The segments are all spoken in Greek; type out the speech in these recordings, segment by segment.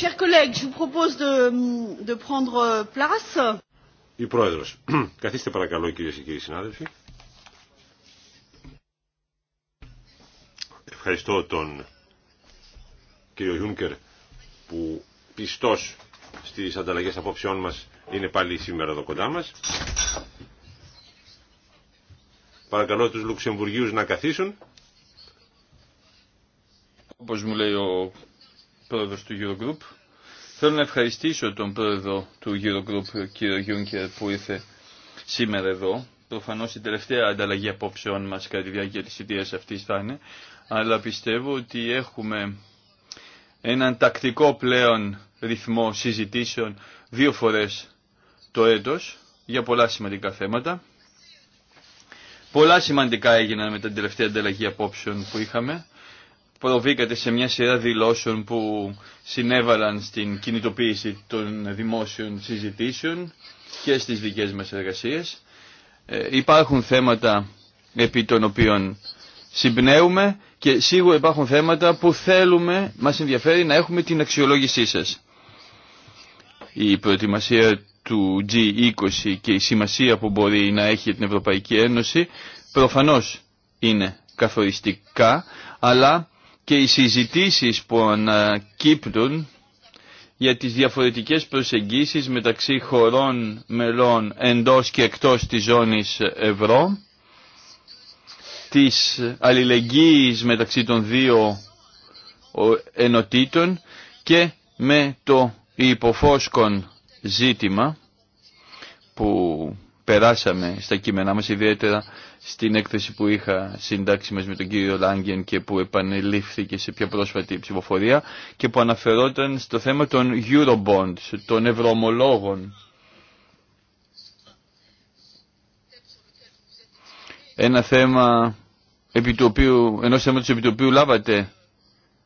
Chers collègues, je vous propose de, de prendre euh, place. Η Πρόεδρος. Καθίστε παρακαλώ κυρίες και κύριοι συνάδελφοι. Ευχαριστώ τον κύριο Γιούνκερ που πιστός στις ανταλλαγές απόψεών μας είναι πάλι σήμερα εδώ κοντά μας. Παρακαλώ τους Λουξεμβουργίους να καθίσουν. Όπως μου λέει ο πρόεδρος του Eurogroup. Θέλω να ευχαριστήσω τον πρόεδρο του Eurogroup, κύριο Γιούνκερ, που ήρθε σήμερα εδώ. Προφανώ η τελευταία ανταλλαγή απόψεων μα κατά τη διάρκεια τη ιδέα αυτή θα είναι. Αλλά πιστεύω ότι έχουμε έναν τακτικό πλέον ρυθμό συζητήσεων δύο φορές το έτος για πολλά σημαντικά θέματα. Πολλά σημαντικά έγιναν με την τελευταία ανταλλαγή απόψεων που είχαμε προβήκατε σε μια σειρά δηλώσεων που συνέβαλαν στην κινητοποίηση των δημόσιων συζητήσεων και στις δικές μας εργασίες. Ε, υπάρχουν θέματα επί των οποίων συμπνέουμε και σίγουρα υπάρχουν θέματα που θέλουμε, μας ενδιαφέρει να έχουμε την αξιολόγησή σας. Η προετοιμασία του G20 και η σημασία που μπορεί να έχει την Ευρωπαϊκή Ένωση προφανώς είναι καθοριστικά, αλλά και οι συζητήσεις που ανακύπτουν για τις διαφορετικές προσεγγίσεις μεταξύ χωρών μελών εντός και εκτός της ζώνης ευρώ, της αλληλεγγύης μεταξύ των δύο ενωτήτων και με το υποφόσκον ζήτημα που περάσαμε στα κείμενά μας ιδιαίτερα στην έκθεση που είχα συντάξει μας με τον κύριο Λάγκεν και που επανελήφθηκε σε πιο πρόσφατη ψηφοφορία και που αναφερόταν στο θέμα των Eurobonds, των ευρωομολόγων. Ένα θέμα επί του οποίου, ενός θέματος επί του οποίου λάβατε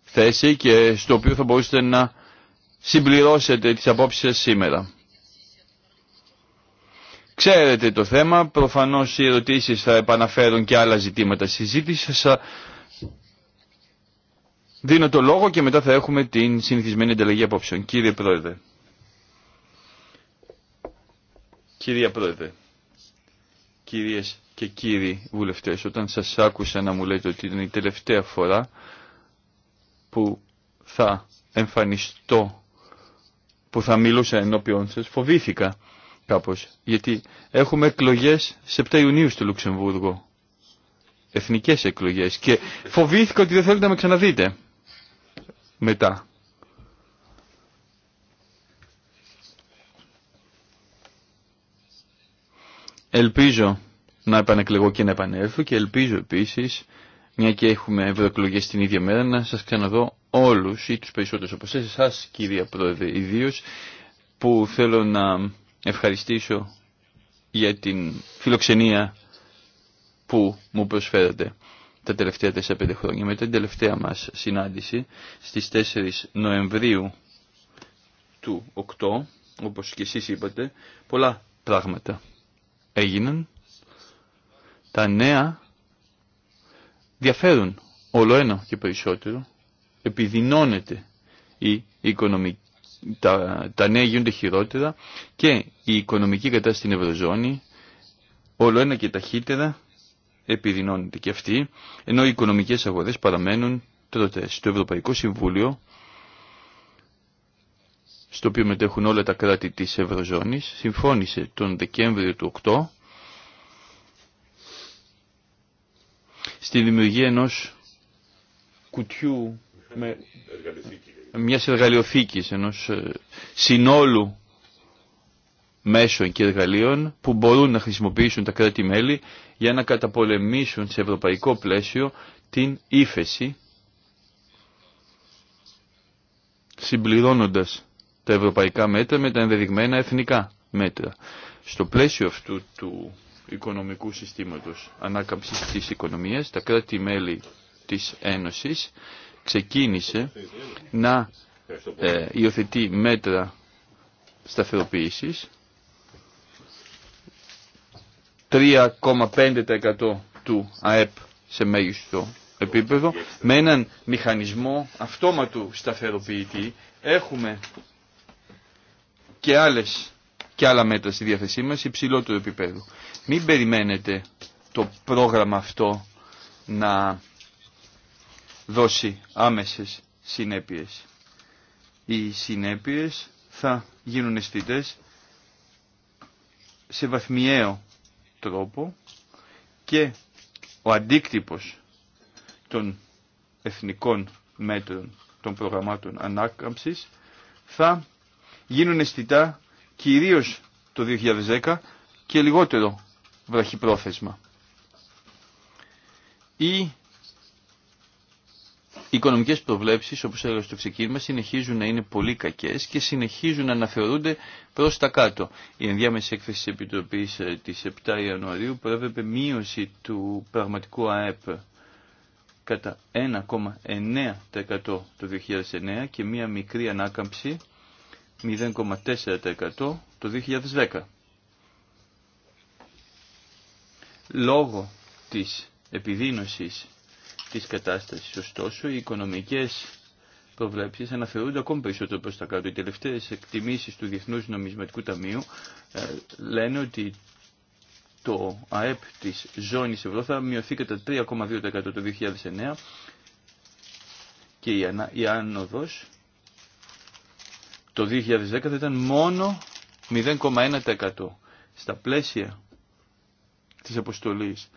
θέση και στο οποίο θα μπορούσατε να συμπληρώσετε τις απόψεις σας σήμερα. Ξέρετε το θέμα, προφανώς οι ερωτήσεις θα επαναφέρουν και άλλα ζητήματα συζήτηση. δίνω το λόγο και μετά θα έχουμε την συνηθισμένη ανταλλαγή απόψεων. Κύριε Πρόεδρε. Κυρία Πρόεδρε, κυρίες και κύριοι βουλευτές, όταν σας άκουσα να μου λέτε ότι είναι η τελευταία φορά που θα εμφανιστώ, που θα μιλούσα ενώπιον σας, φοβήθηκα κάπως, γιατί έχουμε εκλογές σε 7 Ιουνίου στο Λουξεμβούργο. Εθνικές εκλογές. Και φοβήθηκα ότι δεν θέλετε να με ξαναδείτε μετά. Ελπίζω να επανεκλεγώ και να επανέλθω και ελπίζω επίσης, μια και έχουμε ευρωεκλογές την ίδια μέρα, να σας ξαναδώ όλους ή τους περισσότερους από εσάς, εσάς κυρία Πρόεδρε, ιδίως, που θέλω να ευχαριστήσω για την φιλοξενία που μου προσφέρατε τα τελευταία 4-5 χρόνια. Μετά την τελευταία μας συνάντηση στις 4 Νοεμβρίου του 8, όπως και εσείς είπατε, πολλά πράγματα έγιναν. Τα νέα διαφέρουν όλο ένα και περισσότερο. Επιδεινώνεται η οικονομική τα, τα νέα γίνονται χειρότερα και η οικονομική κατάσταση στην Ευρωζώνη όλο ένα και ταχύτερα επιδεινώνεται και αυτή, ενώ οι οικονομικές αγορές παραμένουν τότε Στο Ευρωπαϊκό Συμβούλιο, στο οποίο μετέχουν όλα τα κράτη της Ευρωζώνης, συμφώνησε τον Δεκέμβριο του 8 στη δημιουργία ενός κουτιού με μιας εργαλειοθήκης, ενός ε, συνόλου μέσων και εργαλείων που μπορούν να χρησιμοποιήσουν τα κράτη-μέλη για να καταπολεμήσουν σε ευρωπαϊκό πλαίσιο την ύφεση συμπληρώνοντας τα ευρωπαϊκά μέτρα με τα ενδεδειγμένα εθνικά μέτρα. Στο πλαίσιο αυτού του οικονομικού συστήματος ανάκαμψης της οικονομίας, τα κράτη-μέλη της Ένωσης ξεκίνησε να ε, υιοθετεί μέτρα σταθεροποίησης 3,5% του ΑΕΠ σε μέγιστο επίπεδο με έναν μηχανισμό αυτόματου σταθεροποιητή έχουμε και, άλλες, και άλλα μέτρα στη διάθεσή μας υψηλότερο επίπεδο. Μην περιμένετε το πρόγραμμα αυτό να δώσει άμεσες συνέπειες. Οι συνέπειες θα γίνουν αισθητέ σε βαθμιαίο τρόπο και ο αντίκτυπος των εθνικών μέτρων των προγραμμάτων ανάκαμψης θα γίνουν αισθητά κυρίως το 2010 και λιγότερο βραχυπρόθεσμα. Η οι οικονομικέ προβλέψεις, όπως έλεγα στο ξεκίνημα, συνεχίζουν να είναι πολύ κακές και συνεχίζουν να αναθεωρούνται προς τα κάτω. Η ενδιάμεση έκθεση της Επιτροπή ε, της 7 Ιανουαρίου προέβλεπε μείωση του πραγματικού ΑΕΠ κατά 1,9% το 2009 και μία μικρή ανάκαμψη 0,4% το 2010. Λόγω της επιδείνωσης της κατάστασης. Ωστόσο, οι οικονομικές προβλέψεις αναφερούνται ακόμη περισσότερο προς τα κάτω. Οι τελευταίες εκτιμήσεις του Διεθνούς Νομισματικού Ταμείου ε, λένε ότι το ΑΕΠ της ζώνης ευρώ θα μειωθεί κατά 3,2% το 2009 και η, ανα, άνοδος το 2010 θα ήταν μόνο 0,1%. Στα πλαίσια της αποστολής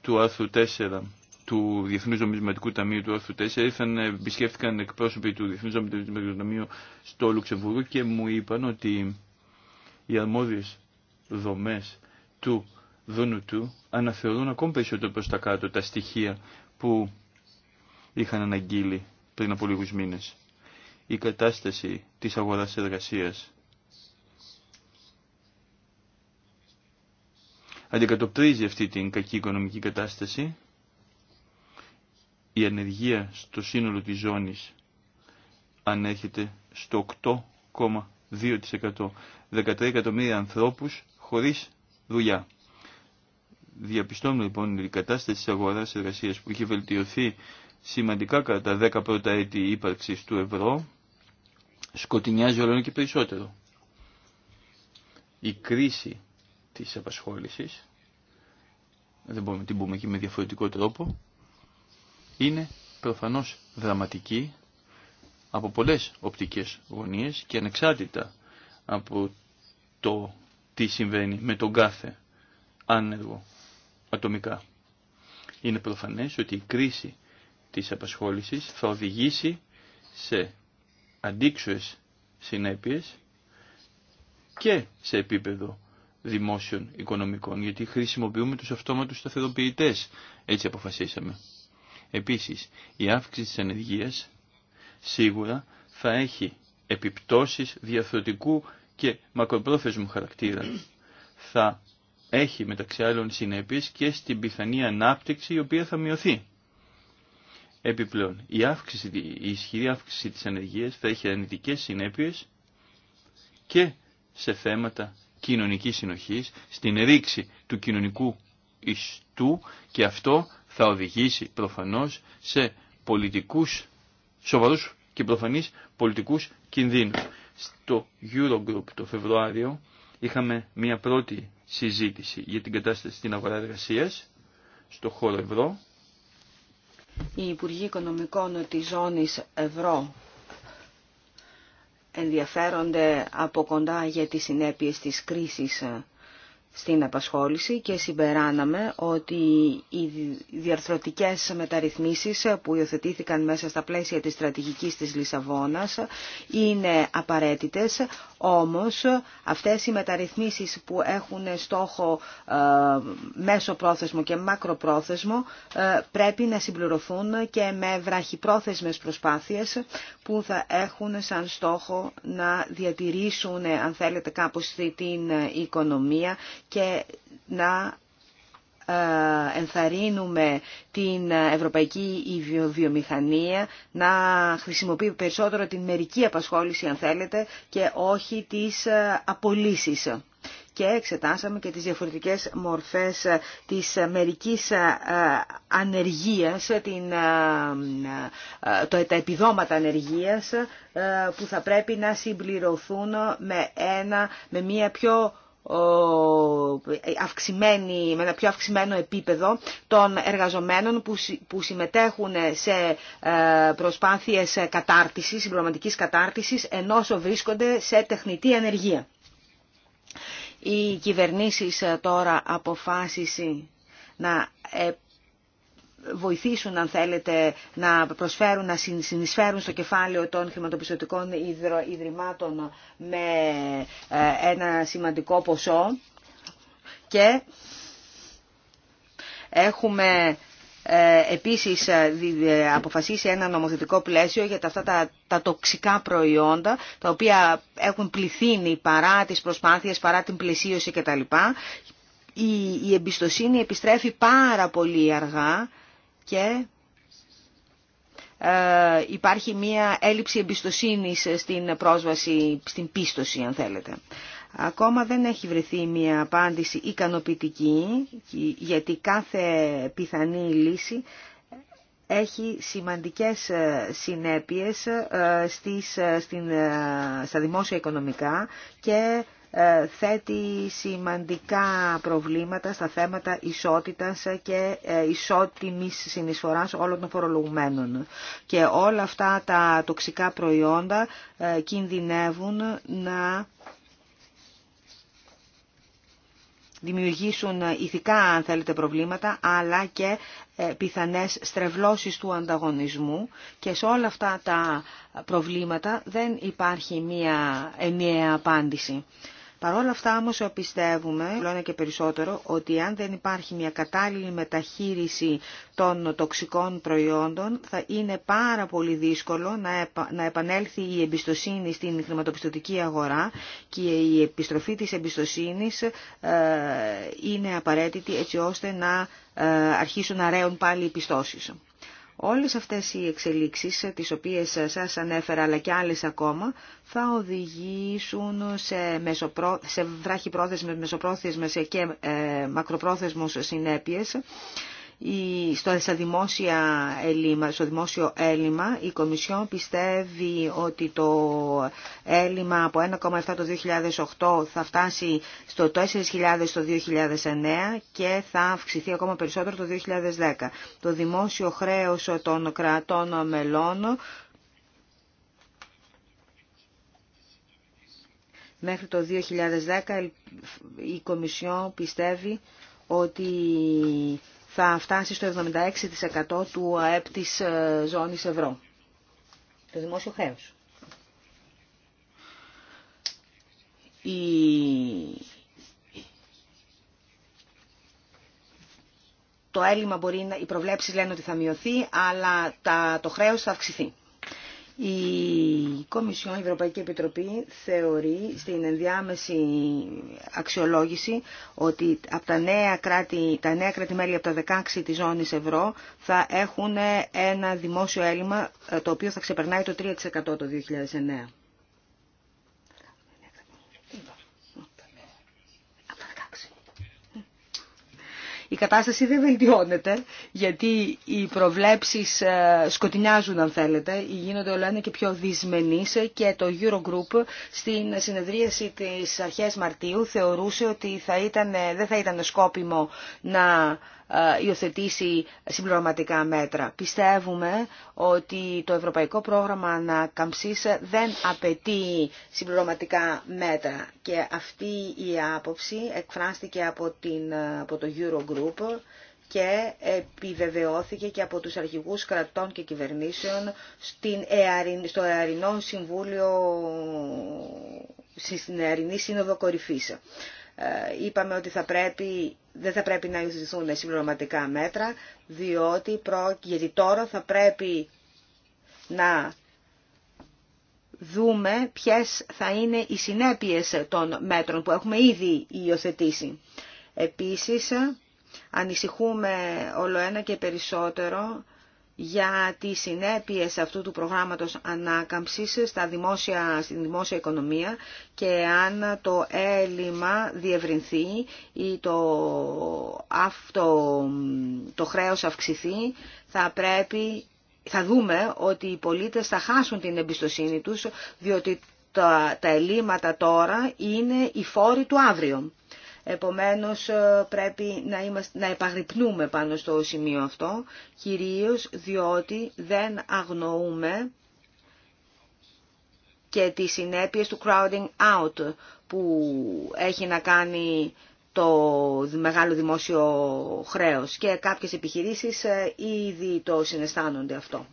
του άρθρου 4 του Διεθνούς Νομισματικού Ταμείου του Όρθου 4 ήρθαν, ε, επισκέφτηκαν εκπρόσωποι του Διεθνούς Νομισματικού Ταμείου στο Λουξεμβούργο και μου είπαν ότι οι αρμόδιες δομές του δούνου του αναθεωρούν ακόμη περισσότερο προς τα κάτω τα στοιχεία που είχαν αναγγείλει πριν από λίγους μήνες. Η κατάσταση της αγοράς εργασίας αντικατοπτρίζει αυτή την κακή οικονομική κατάσταση η ανεργία στο σύνολο της ζώνης ανέρχεται στο 8,2%. 13 εκατομμύρια ανθρώπους χωρίς δουλειά. Διαπιστώνουμε λοιπόν ότι η κατάσταση της αγοράς εργασίας που είχε βελτιωθεί σημαντικά κατά τα 10 πρώτα έτη ύπαρξης του ευρώ σκοτεινιάζει όλο και περισσότερο. Η κρίση της απασχόλησης, δεν μπορούμε να την πούμε και με διαφορετικό τρόπο, είναι προφανώς δραματική από πολλές οπτικές γωνίες και ανεξάρτητα από το τι συμβαίνει με τον κάθε άνεργο ατομικά. Είναι προφανές ότι η κρίση της απασχόλησης θα οδηγήσει σε αντίξωες συνέπειες και σε επίπεδο δημόσιων οικονομικών, γιατί χρησιμοποιούμε τους αυτόματους σταθεροποιητές. Έτσι αποφασίσαμε. Επίσης, η αύξηση της ενεργείας σίγουρα θα έχει επιπτώσεις διαφορετικού και μακροπρόθεσμου χαρακτήρα. Θα έχει μεταξύ άλλων συνέπειες και στην πιθανή ανάπτυξη η οποία θα μειωθεί. Επιπλέον, η, αύξηση, ισχυρή αύξηση της ενεργείας θα έχει αρνητικές συνέπειες και σε θέματα κοινωνικής συνοχής, στην ρήξη του κοινωνικού ιστού και αυτό θα οδηγήσει προφανώς σε πολιτικούς, σοβαρούς και προφανείς πολιτικούς κινδύνους. Στο Eurogroup το Φεβρουάριο είχαμε μια πρώτη συζήτηση για την κατάσταση στην αγορά εργασία στο χώρο ευρώ. Οι Υπουργοί Οικονομικών της Ζώνης Ευρώ ενδιαφέρονται από κοντά για τις συνέπειες της κρίσης στην απασχόληση και συμπεράναμε ότι οι διαρθρωτικές μεταρρυθμίσεις που υιοθετήθηκαν μέσα στα πλαίσια της στρατηγικής της Λισαβόνας είναι απαραίτητες, όμως αυτές οι μεταρρυθμίσεις που έχουν στόχο ε, μέσο πρόθεσμο και μακροπρόθεσμο ε, πρέπει να συμπληρωθούν και με βραχυπρόθεσμες προσπάθειες που θα έχουν σαν στόχο να διατηρήσουν αν θέλετε κάπως την ε, οικονομία και να ε, ενθαρρύνουμε την ευρωπαϊκή βιομηχανία να χρησιμοποιεί περισσότερο την μερική απασχόληση αν θέλετε και όχι τις ε, απολύσεις. Και εξετάσαμε και τις διαφορετικές μορφές ε, της μερικής ανεργίας, την, τα επιδόματα ανεργίας που θα πρέπει να συμπληρωθούν με, ένα, με μια πιο αυξημένη, με ένα πιο αυξημένο επίπεδο των εργαζομένων που συμμετέχουν σε ε, προσπάθειες κατάρτισης, συμπληρωματικής κατάρτισης, ενώ βρίσκονται σε τεχνητή ανεργία. Οι κυβερνήσεις τώρα αποφάσισαν να βοηθήσουν, αν θέλετε, να προσφέρουν, να συνεισφέρουν στο κεφάλαιο των χρηματοπιστωτικών ιδρυμάτων με ε, ένα σημαντικό ποσό και έχουμε ε, επίσης ε, αποφασίσει ένα νομοθετικό πλαίσιο για αυτά τα, τοξικά προϊόντα τα οποία έχουν πληθύνει παρά τις προσπάθειες, παρά την πλαισίωση κτλ. Η, η εμπιστοσύνη επιστρέφει πάρα πολύ αργά και ε, υπάρχει μία έλλειψη εμπιστοσύνης στην πρόσβαση, στην πίστοση αν θέλετε. Ακόμα δεν έχει βρεθεί μία απάντηση ικανοποιητική γιατί κάθε πιθανή λύση έχει σημαντικές ε, συνέπειες ε, στις, στην, στα δημόσια οικονομικά και ε, θέτει σημαντικά προβλήματα στα θέματα ισότητας και ε, ισότιμης συνεισφοράς όλων των φορολογουμένων. Και όλα αυτά τα τοξικά προϊόντα ε, κινδυνεύουν να δημιουργήσουν ηθικά αν θέλετε προβλήματα αλλά και πιθανές στρεβλώσεις του ανταγωνισμού και σε όλα αυτά τα προβλήματα δεν υπάρχει μία ενιαία απάντηση. Παρ' όλα αυτά όμως πιστεύουμε, λένε και περισσότερο, ότι αν δεν υπάρχει μια κατάλληλη μεταχείριση των τοξικών προϊόντων θα είναι πάρα πολύ δύσκολο να επανέλθει η εμπιστοσύνη στην χρηματοπιστωτική αγορά και η επιστροφή της εμπιστοσύνης ε, είναι απαραίτητη έτσι ώστε να ε, αρχίσουν να ρέουν πάλι οι πιστώσεις. Όλες αυτές οι εξελίξεις, ε, τις οποίες ε, σας ανέφερα αλλά και άλλες ακόμα, θα οδηγήσουν σε, μεσοπρό... σε βράχυπρόθεσμες, μεσοπρόθεσμες και ε, μακροπρόθεσμους συνέπειες στο δημόσια έλλειμμα, δημόσιο έλλειμμα η Κομισιόν πιστεύει ότι το έλλειμμα από 1,7 το 2008 θα φτάσει στο 4.000 το 2009 και θα αυξηθεί ακόμα περισσότερο το 2010. Το δημόσιο χρέος των κρατών μελών μέχρι το 2010 η Κομισιόν πιστεύει ότι θα φτάσει στο 76% του ΑΕΠ της ε, ζώνης ευρώ. Το δημόσιο χρέος. Η... Το έλλειμμα μπορεί να... Οι προβλέψεις λένε ότι θα μειωθεί, αλλά τα... το χρέος θα αυξηθεί. Η Κομισιόν, η Ευρωπαϊκή Επιτροπή, θεωρεί στην ενδιάμεση αξιολόγηση ότι από τα νέα κράτη, τα νέα κράτη-μέλη από τα 16 της ζώνης ευρώ θα έχουν ένα δημόσιο έλλειμμα ε, το οποίο θα ξεπερνάει το 3% το 2009. η κατάσταση δεν βελτιώνεται γιατί οι προβλέψεις ε, σκοτεινιάζουν αν θέλετε, γίνονται όλα ένα και πιο δυσμενείς και το Eurogroup στην συνεδρίαση της αρχές Μαρτίου θεωρούσε ότι θα ήταν, ε, δεν θα ήταν σκόπιμο να ε, υιοθετήσει συμπληρωματικά μέτρα. Πιστεύουμε ότι το Ευρωπαϊκό Πρόγραμμα Ανακαμψής δεν απαιτεί συμπληρωματικά μέτρα και αυτή η άποψη εκφράστηκε από, την, ε, από το Eurogroup και επιβεβαιώθηκε και από τους αρχηγούς κρατών και κυβερνήσεων στο Εαρινό Συμβούλιο, στην Εαρινή Σύνοδο Κορυφής. Ε, είπαμε ότι θα πρέπει, δεν θα πρέπει να υιοθετηθούν συμπληρωματικά μέτρα, διότι, γιατί τώρα θα πρέπει να δούμε ποιες θα είναι οι συνέπειες των μέτρων που έχουμε ήδη υιοθετήσει. Επίσης, ανησυχούμε όλο ένα και περισσότερο για τις συνέπειες αυτού του προγράμματος ανάκαμψης στα δημόσια, στην δημόσια οικονομία και αν το έλλειμμα διευρυνθεί ή το, αυτό, το χρέος αυξηθεί, θα πρέπει... Θα δούμε ότι οι πολίτες θα χάσουν την εμπιστοσύνη τους, διότι τα, τα ελλείμματα τώρα είναι οι φόροι του αύριο. Επομένως ε, πρέπει να, είμαστε, να επαγρυπνούμε πάνω στο σημείο αυτό, κυρίως διότι δεν αγνοούμε και τις συνέπειες του crowding out που έχει να κάνει το μεγάλο δημόσιο χρέος και κάποιες επιχειρήσεις ε, ήδη το συναισθάνονται αυτό.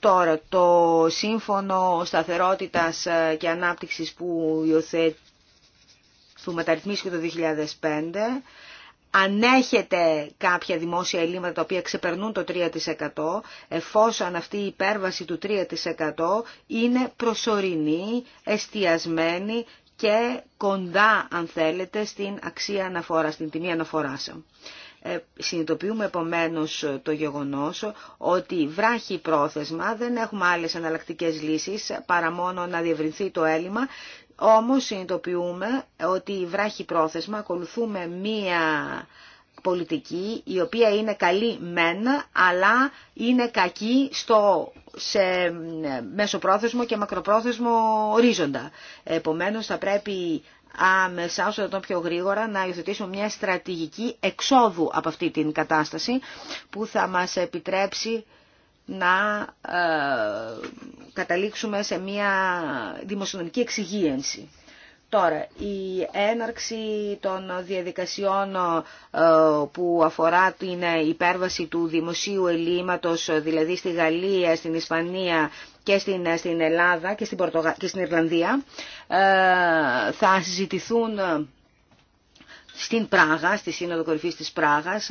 Τώρα, το Σύμφωνο Σταθερότητας ε, και Ανάπτυξης που που μεταρρυθμίστηκε το 2005, ανέχεται κάποια δημόσια ελλείμματα τα οποία ξεπερνούν το 3% εφόσον αυτή η υπέρβαση του 3% είναι προσωρινή, εστιασμένη και κοντά αν θέλετε στην αξία αναφορά, στην τιμή αναφοράς. Ε, συνειδητοποιούμε επομένως το γεγονός ότι βράχει πρόθεσμα, δεν έχουμε άλλες αναλλακτικέ λύσεις παρά μόνο να διευρυνθεί το έλλειμμα όμως συνειδητοποιούμε ότι βράχει πρόθεσμα, ακολουθούμε μία πολιτική η οποία είναι καλή μεν, αλλά είναι κακή στο, σε μεσοπρόθεσμο και μακροπρόθεσμο ορίζοντα. Επομένως θα πρέπει άμεσα όσο το πιο γρήγορα να υιοθετήσουμε μια στρατηγική εξόδου από αυτή την κατάσταση που θα μας επιτρέψει να ε, καταλήξουμε σε μια δημοσιονομική εξυγίανση. Τώρα, η έναρξη των διαδικασιών ε, που αφορά την υπέρβαση του δημοσίου ελλείμματος, δηλαδή στη Γαλλία, στην Ισπανία και στην, στην Ελλάδα και στην, Πορτογα... Ιρλανδία, ε, θα συζητηθούν στην Πράγα, στη Σύνοδο Κορυφής της Πράγας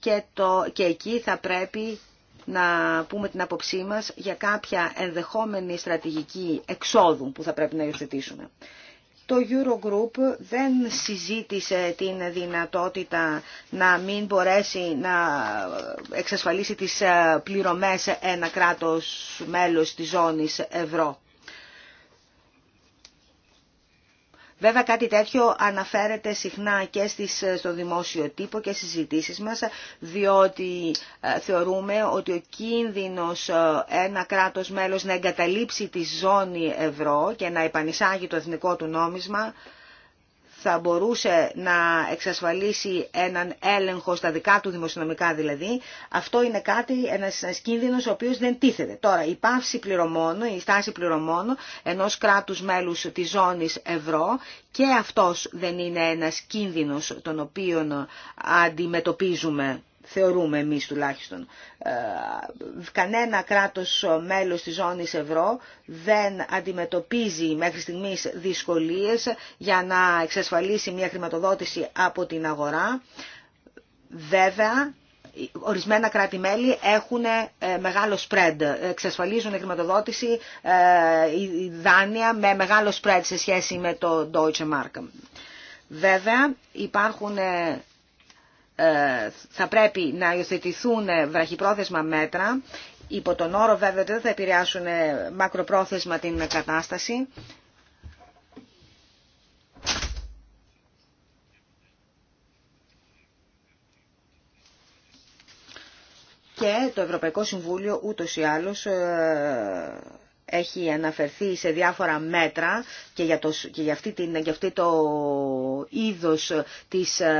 και, το... και εκεί θα πρέπει να πούμε την άποψή μας για κάποια ενδεχόμενη στρατηγική εξόδου που θα πρέπει να υιοθετήσουμε. Το Eurogroup δεν συζήτησε την δυνατότητα να μην μπορέσει να εξασφαλίσει τις πληρωμές ένα κράτος μέλος της ζώνης ευρώ. Βέβαια κάτι τέτοιο αναφέρεται συχνά και στις, στο δημόσιο τύπο και στις συζητήσεις μας, διότι ε, θεωρούμε ότι ο κίνδυνος ε, ένα κράτος μέλος να εγκαταλείψει τη ζώνη ευρώ και να επανεισάγει το εθνικό του νόμισμα θα μπορούσε να εξασφαλίσει έναν έλεγχο στα δικά του δημοσιονομικά δηλαδή, αυτό είναι κάτι, ένας, ένας ο οποίος δεν τίθεται. Τώρα, η πάυση πληρωμόνου, η στάση πληρωμόνου ενός κράτους μέλους της ζώνης ευρώ και αυτός δεν είναι ένας κίνδυνος τον οποίο αντιμετωπίζουμε θεωρούμε εμείς τουλάχιστον. Ε, κανένα κράτος μέλος της ζώνης ευρώ δεν αντιμετωπίζει μέχρι στιγμής δυσκολίες για να εξασφαλίσει μια χρηματοδότηση από την αγορά. Βέβαια, ορισμένα κράτη-μέλη έχουν ε, μεγάλο spread, εξασφαλίζουν χρηματοδότηση ε, δάνεια με μεγάλο spread σε σχέση με το Deutsche Mark. Βέβαια, υπάρχουν ε, θα πρέπει να υιοθετηθούν βραχυπρόθεσμα μέτρα, υπό τον όρο βέβαια δεν θα επηρεάσουν μακροπρόθεσμα την κατάσταση. Και το Ευρωπαϊκό Συμβούλιο ούτως ή άλλως ε, έχει αναφερθεί σε διάφορα μέτρα και για, το, αυτή, την, για το είδος της ε,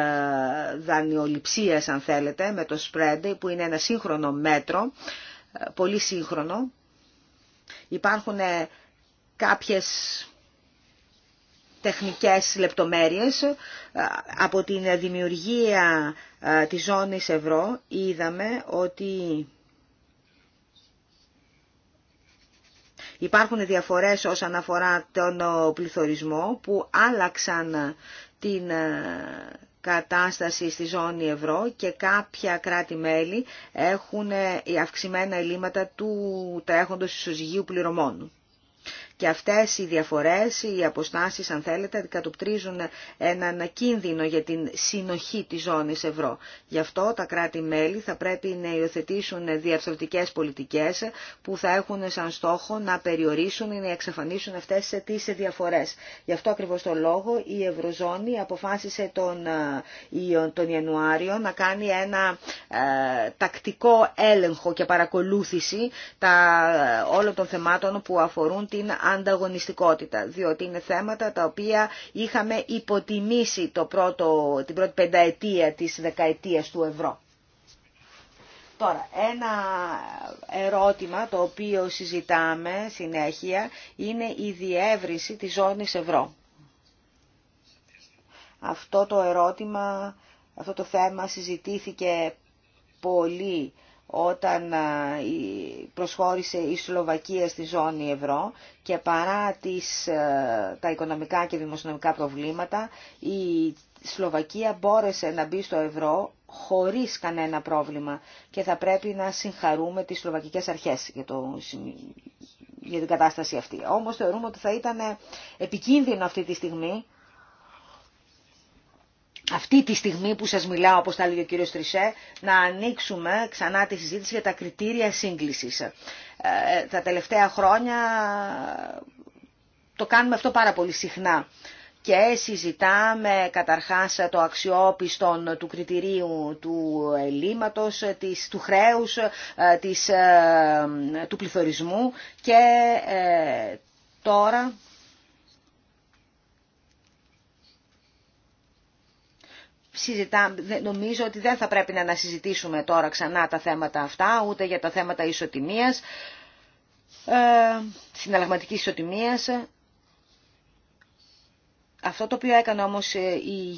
δανειοληψίας αν θέλετε με το spread που είναι ένα σύγχρονο μέτρο, ε, πολύ σύγχρονο. Υπάρχουν ε, κάποιες τεχνικές λεπτομέρειες. Από την δημιουργία της ζώνης ευρώ είδαμε ότι Υπάρχουν διαφορές όσον αφορά τον ε, πληθωρισμό που άλλαξαν ε, την ε, κατάσταση στη ζώνη ευρώ και κάποια κράτη-μέλη έχουν αυξημένα ελλείμματα του τρέχοντος ισοζυγίου πληρωμών. Και αυτές οι διαφορές, οι αποστάσεις αν θέλετε, αντικατοπτρίζουν έναν κίνδυνο για την συνοχή της ζώνης ευρώ. Γι' αυτό τα κράτη-μέλη θα πρέπει να υιοθετήσουν διαρθρωτικές πολιτικές που θα έχουν σαν στόχο να περιορίσουν ή να εξαφανίσουν αυτές τις διαφορές. Γι' αυτό ακριβώς το λόγο η Ευρωζώνη αποφάσισε τον, ε, τον Ιανουάριο να κάνει ένα ε, τακτικό έλεγχο και παρακολούθηση τα, ε, όλων των θεμάτων που αφορούν την ανταγωνιστικότητα, διότι είναι θέματα τα οποία είχαμε υποτιμήσει το πρώτο, την πρώτη πενταετία της δεκαετίας του ευρώ. Τώρα, ένα ερώτημα το οποίο συζητάμε συνέχεια είναι η διεύρυνση της ζώνης ευρώ. Αυτό το ερώτημα, αυτό το θέμα συζητήθηκε πολύ όταν προσχώρησε η Σλοβακία στη ζώνη ευρώ και παρά τις, τα οικονομικά και δημοσιονομικά προβλήματα η Σλοβακία μπόρεσε να μπει στο ευρώ χωρίς κανένα πρόβλημα και θα πρέπει να συγχαρούμε τις σλοβακικές αρχές για, το, για την κατάσταση αυτή. Όμως θεωρούμε ότι θα ήταν επικίνδυνο αυτή τη στιγμή αυτή τη στιγμή που σας μιλάω, όπως τα λέει ο κύριος Τρισέ, να ανοίξουμε ξανά τη συζήτηση για τα κριτήρια σύγκλησης. Ε, τα τελευταία χρόνια το κάνουμε αυτό πάρα πολύ συχνά και συζητάμε καταρχάς το αξιόπιστο του κριτηρίου του ελλείμματος, της, του χρέους, ε, της, ε, του πληθωρισμού και τώρα συζητά, νομίζω ότι δεν θα πρέπει να ανασυζητήσουμε τώρα ξανά τα θέματα αυτά, ούτε για τα θέματα ισοτιμίας, ε, συναλλαγματικής ισοτιμίας. Αυτό το οποίο έκανε όμως ε,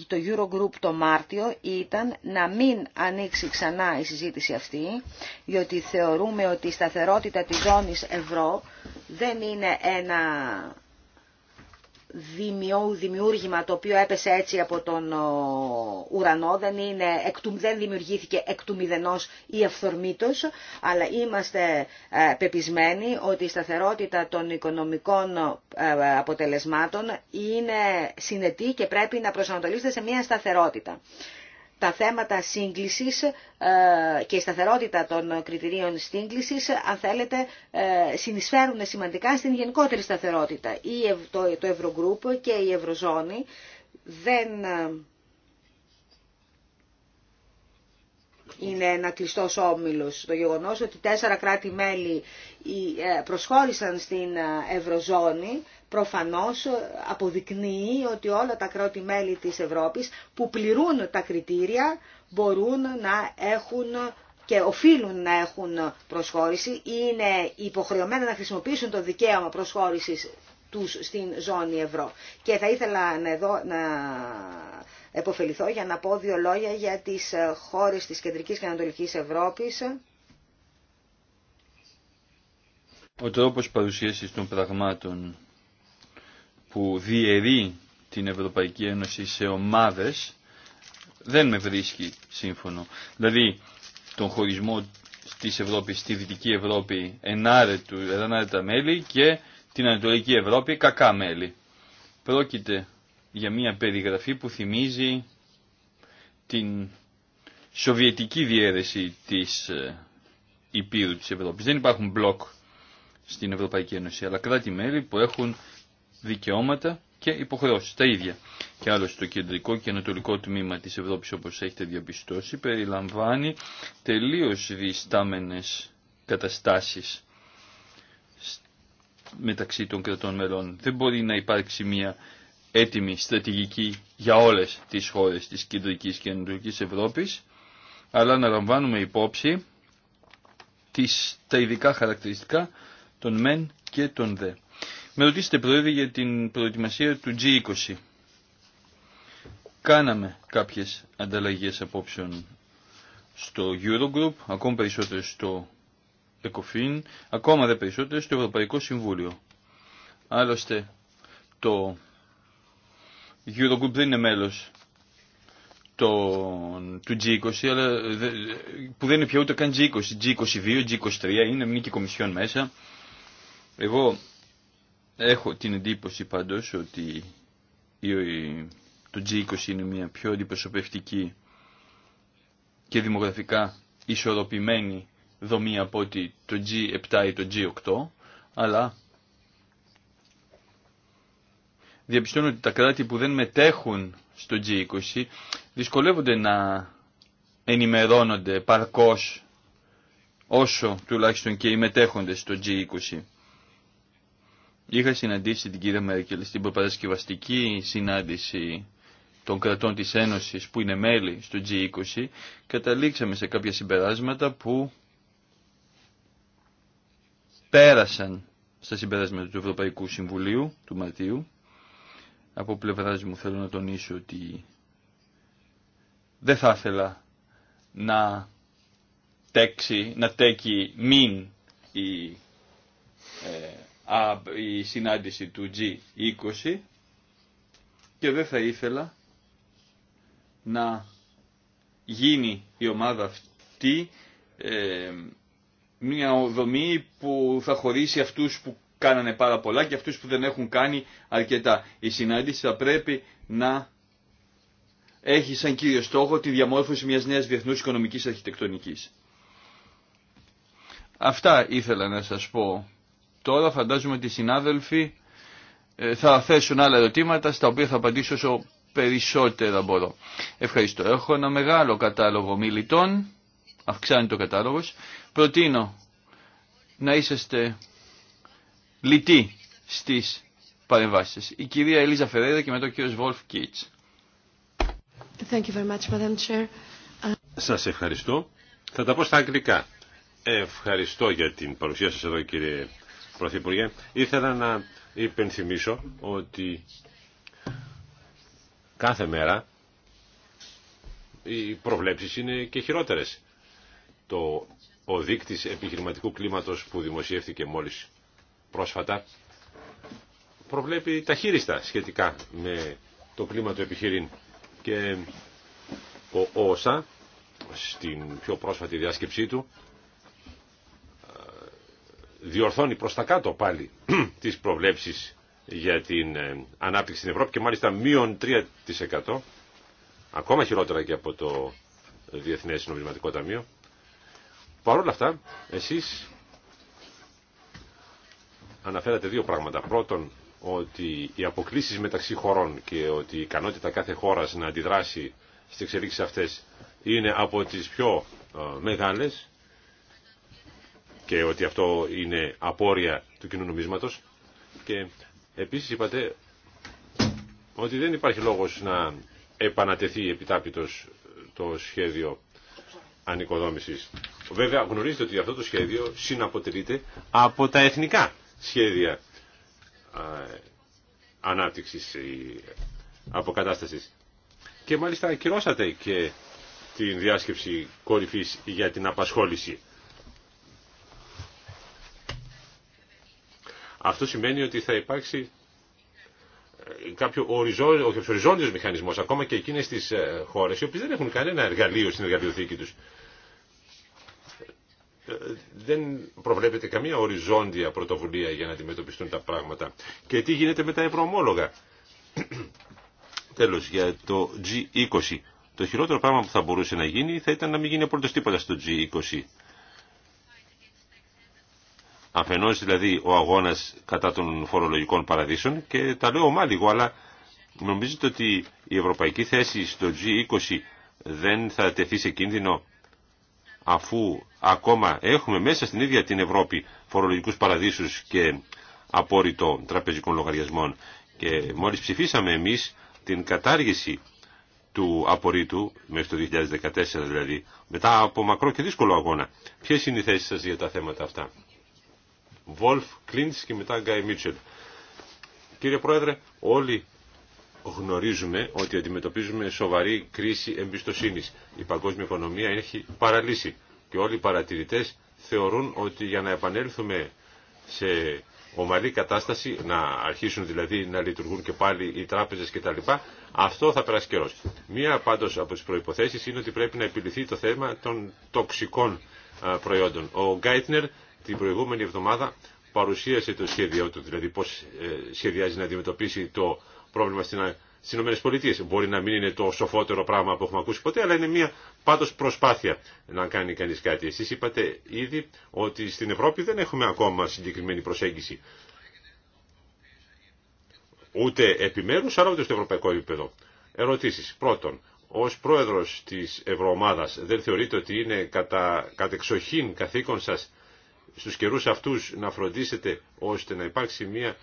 το Eurogroup το Μάρτιο ήταν να μην ανοίξει ξανά η συζήτηση αυτή, διότι θεωρούμε ότι η σταθερότητα της ζώνης ευρώ δεν είναι ένα δημιούργημα το οποίο έπεσε έτσι από τον ουρανό, δεν, είναι, δημιουργήθηκε εκ του μηδενός ή αυθορμήτως, αλλά είμαστε ε, πεπισμένοι ότι η σταθερότητα των οικονομικών ε, αποτελεσμάτων είναι συνετή και πρέπει να προσανατολίζεται σε μια σταθερότητα τα θέματα σύγκλησης ε, και η σταθερότητα των κριτηρίων σύγκλησης, αν θέλετε, ε, συνεισφέρουν σημαντικά στην γενικότερη σταθερότητα. Το Ευρωγκρούπ και η Ευρωζώνη δεν ε, είναι ένα κλειστό όμιλο. Το γεγονος οτι ότι τέσσερα κράτη-μέλη προσχώρησαν στην Ευρωζώνη προφανώς αποδεικνύει ότι όλα τα κράτη-μέλη της Ευρώπης που πληρούν τα κριτήρια μπορούν να έχουν και οφείλουν να έχουν προσχώρηση ή είναι υποχρεωμένα να χρησιμοποιήσουν το δικαίωμα προσχώρησης τους στην ζώνη ευρώ. Και θα ήθελα να εδώ να επωφεληθώ για να πω δύο λόγια για τις χώρες της Κεντρικής και Ανατολικής Ευρώπης. Ο τρόπος παρουσίασης των πραγμάτων που διαιρεί την Ευρωπαϊκή Ένωση σε ομάδες δεν με βρίσκει σύμφωνο. Δηλαδή τον χωρισμό της Ευρώπης στη Δυτική Ευρώπη δηλαδή ενάρετα μέλη και την Ανατολική Ευρώπη κακά μέλη. Πρόκειται για μια περιγραφή που θυμίζει την σοβιετική διαίρεση της ε, υπήρου της Ευρώπης. Δεν υπάρχουν μπλοκ στην Ευρωπαϊκή Ένωση, αλλά κράτη-μέλη που έχουν δικαιώματα και υποχρεώσεις, τα ίδια. Και άλλωστε το κεντρικό και ανατολικό τμήμα της Ευρώπης όπως έχετε διαπιστώσει περιλαμβάνει τελείω διστάμενε καταστάσεις μεταξύ των κρατών μελών. Δεν μπορεί να υπάρξει μια έτοιμη στρατηγική για όλες τις χώρες της κεντρικής και ανατολικής Ευρώπης, αλλά να λαμβάνουμε υπόψη τις, τα ειδικά χαρακτηριστικά των μεν και των δε. Με ρωτήσετε πρόεδρε για την προετοιμασία του G20. Κάναμε κάποιες ανταλλαγές απόψεων στο Eurogroup, ακόμα περισσότερο στο ECOFIN, ακόμα δε περισσότερο στο Ευρωπαϊκό Συμβούλιο. Άλλωστε το Eurogroup δεν είναι μέλος το, του G20, αλλά που δεν είναι πια ούτε καν G20, G22, G23, είναι μνήκη κομισιόν μέσα. Εγώ Έχω την εντύπωση πάντως ότι το G20 είναι μια πιο αντιπροσωπευτική και δημογραφικά ισορροπημένη δομή από ότι το G7 ή το G8, αλλά διαπιστώνω ότι τα κράτη που δεν μετέχουν στο G20 δυσκολεύονται να ενημερώνονται παρκώς όσο τουλάχιστον και οι μετέχοντες στο G20. Είχα συναντήσει την κυρία Μέρκελ στην προπαρασκευαστική συνάντηση των κρατών της Ένωσης που είναι μέλη στο G20, καταλήξαμε σε κάποια συμπεράσματα που πέρασαν στα συμπεράσματα του Ευρωπαϊκού Συμβουλίου του Μαρτίου. Από πλευράς μου θέλω να τονίσω ότι δεν θα ήθελα να, τέξει, να τέκει μην η ε, η συνάντηση του G20 και δεν θα ήθελα να γίνει η ομάδα αυτή ε, μια δομή που θα χωρίσει αυτούς που κάνανε πάρα πολλά και αυτούς που δεν έχουν κάνει αρκετά. Η συνάντηση θα πρέπει να έχει σαν κύριο στόχο τη διαμόρφωση μιας νέας διεθνούς οικονομικής αρχιτεκτονικής. Αυτά ήθελα να σας πω Τώρα φαντάζομαι ότι οι συνάδελφοι ε, θα θέσουν άλλα ερωτήματα στα οποία θα απαντήσω όσο περισσότερα μπορώ. Ευχαριστώ. Έχω ένα μεγάλο κατάλογο μιλητών. Αυξάνει το κατάλογος. Προτείνω να είσαστε λυτοί στις παρεμβάσεις. Η κυρία Ελίζα Φερέρα και μετά ο κύριος Βολφ Κίτς. Thank Σας ευχαριστώ. Θα τα πω στα αγγλικά. Ευχαριστώ για την παρουσία σας εδώ κύριε Πρωθυπουργέ. Ήθελα να υπενθυμίσω ότι κάθε μέρα οι προβλέψεις είναι και χειρότερες. Το, ο δείκτης επιχειρηματικού κλίματος που δημοσιεύθηκε μόλις πρόσφατα προβλέπει τα χείριστα σχετικά με το κλίμα του επιχειρήν. Και ο ΩΣΑ στην πιο πρόσφατη διάσκεψή του διορθώνει προς τα κάτω πάλι τις προβλέψεις για την ε, ανάπτυξη στην Ευρώπη και μάλιστα μείον 3% ακόμα χειρότερα και από το Διεθνές Νομισματικό Ταμείο. Παρ' όλα αυτά, εσείς αναφέρατε δύο πράγματα. Πρώτον, ότι οι αποκλήσεις μεταξύ χωρών και ότι η ικανότητα κάθε χώρας να αντιδράσει στις εξελίξεις αυτές είναι από τις πιο ε, μεγάλες και ότι αυτό είναι απόρρια του κοινού νομίσματος και επίσης είπατε ότι δεν υπάρχει λόγος να επανατεθεί επιτάπητος το σχέδιο ανοικοδόμησης. Βέβαια γνωρίζετε ότι αυτό το σχέδιο συναποτελείται από τα εθνικά σχέδια ανάπτυξης ή αποκατάστασης. Και μάλιστα ακυρώσατε και την διάσκεψη κορυφής για την απασχόληση. Αυτό σημαίνει ότι θα υπάρξει ε, κάποιο οριζόντιος μηχανισμός, ακόμα και εκείνες τις ε, χώρες, οι οποίες δεν έχουν κανένα εργαλείο στην εργαλειοθήκη τους. Ε, δεν προβλέπεται καμία οριζόντια πρωτοβουλία για να αντιμετωπιστούν τα πράγματα. Και τι γίνεται με τα ευρωομόλογα. Τέλος, για το G20. Το χειρότερο πράγμα που θα μπορούσε να γίνει θα ήταν να μην γίνει απολύτω τίποτα στο G20. Αφενός δηλαδή ο αγώνας κατά των φορολογικών παραδείσων και τα λέω ομά λίγο, αλλά νομίζετε ότι η ευρωπαϊκή θέση στο G20 δεν θα τεθεί σε κίνδυνο αφού ακόμα έχουμε μέσα στην ίδια την Ευρώπη φορολογικούς παραδείσους και απόρριτο τραπεζικών λογαριασμών και μόλις ψηφίσαμε εμείς την κατάργηση του απορρίτου μέχρι το 2014 δηλαδή μετά από μακρό και δύσκολο αγώνα. Ποιες είναι οι θέσεις σας για τα θέματα αυτά. Βολφ Κλίντς και μετά Γκάι Μίτσελ. Κύριε Πρόεδρε, όλοι γνωρίζουμε ότι αντιμετωπίζουμε σοβαρή κρίση εμπιστοσύνης. Η παγκόσμια οικονομία έχει παραλύσει και όλοι οι παρατηρητές θεωρούν ότι για να επανέλθουμε σε ομαλή κατάσταση, να αρχίσουν δηλαδή να λειτουργούν και πάλι οι τράπεζες κτλ. Αυτό θα περάσει καιρός. Μία πάντως από τις προϋποθέσεις είναι ότι πρέπει να επιληθεί το θέμα των τοξικών προϊόντων. Ο Γκάιτνερ την προηγούμενη εβδομάδα παρουσίασε το σχέδιό του, δηλαδή πώς ε, σχεδιάζει να αντιμετωπίσει το πρόβλημα στι Πολιτείε. Μπορεί να μην είναι το σοφότερο πράγμα που έχουμε ακούσει ποτέ, αλλά είναι μια πάντω προσπάθεια να κάνει κανεί κάτι. Εσεί είπατε ήδη ότι στην Ευρώπη δεν έχουμε ακόμα συγκεκριμένη προσέγγιση ούτε επιμέρου αλλά ούτε στο ευρωπαϊκό επίπεδο. Ερωτήσει. Πρώτον, ω πρόεδρο τη Ευρωομάδα, δεν θεωρείτε ότι είναι κατά, κατεξοχήν καθήκον σα στους καιρούς αυτούς να φροντίσετε ώστε να υπάρξει μια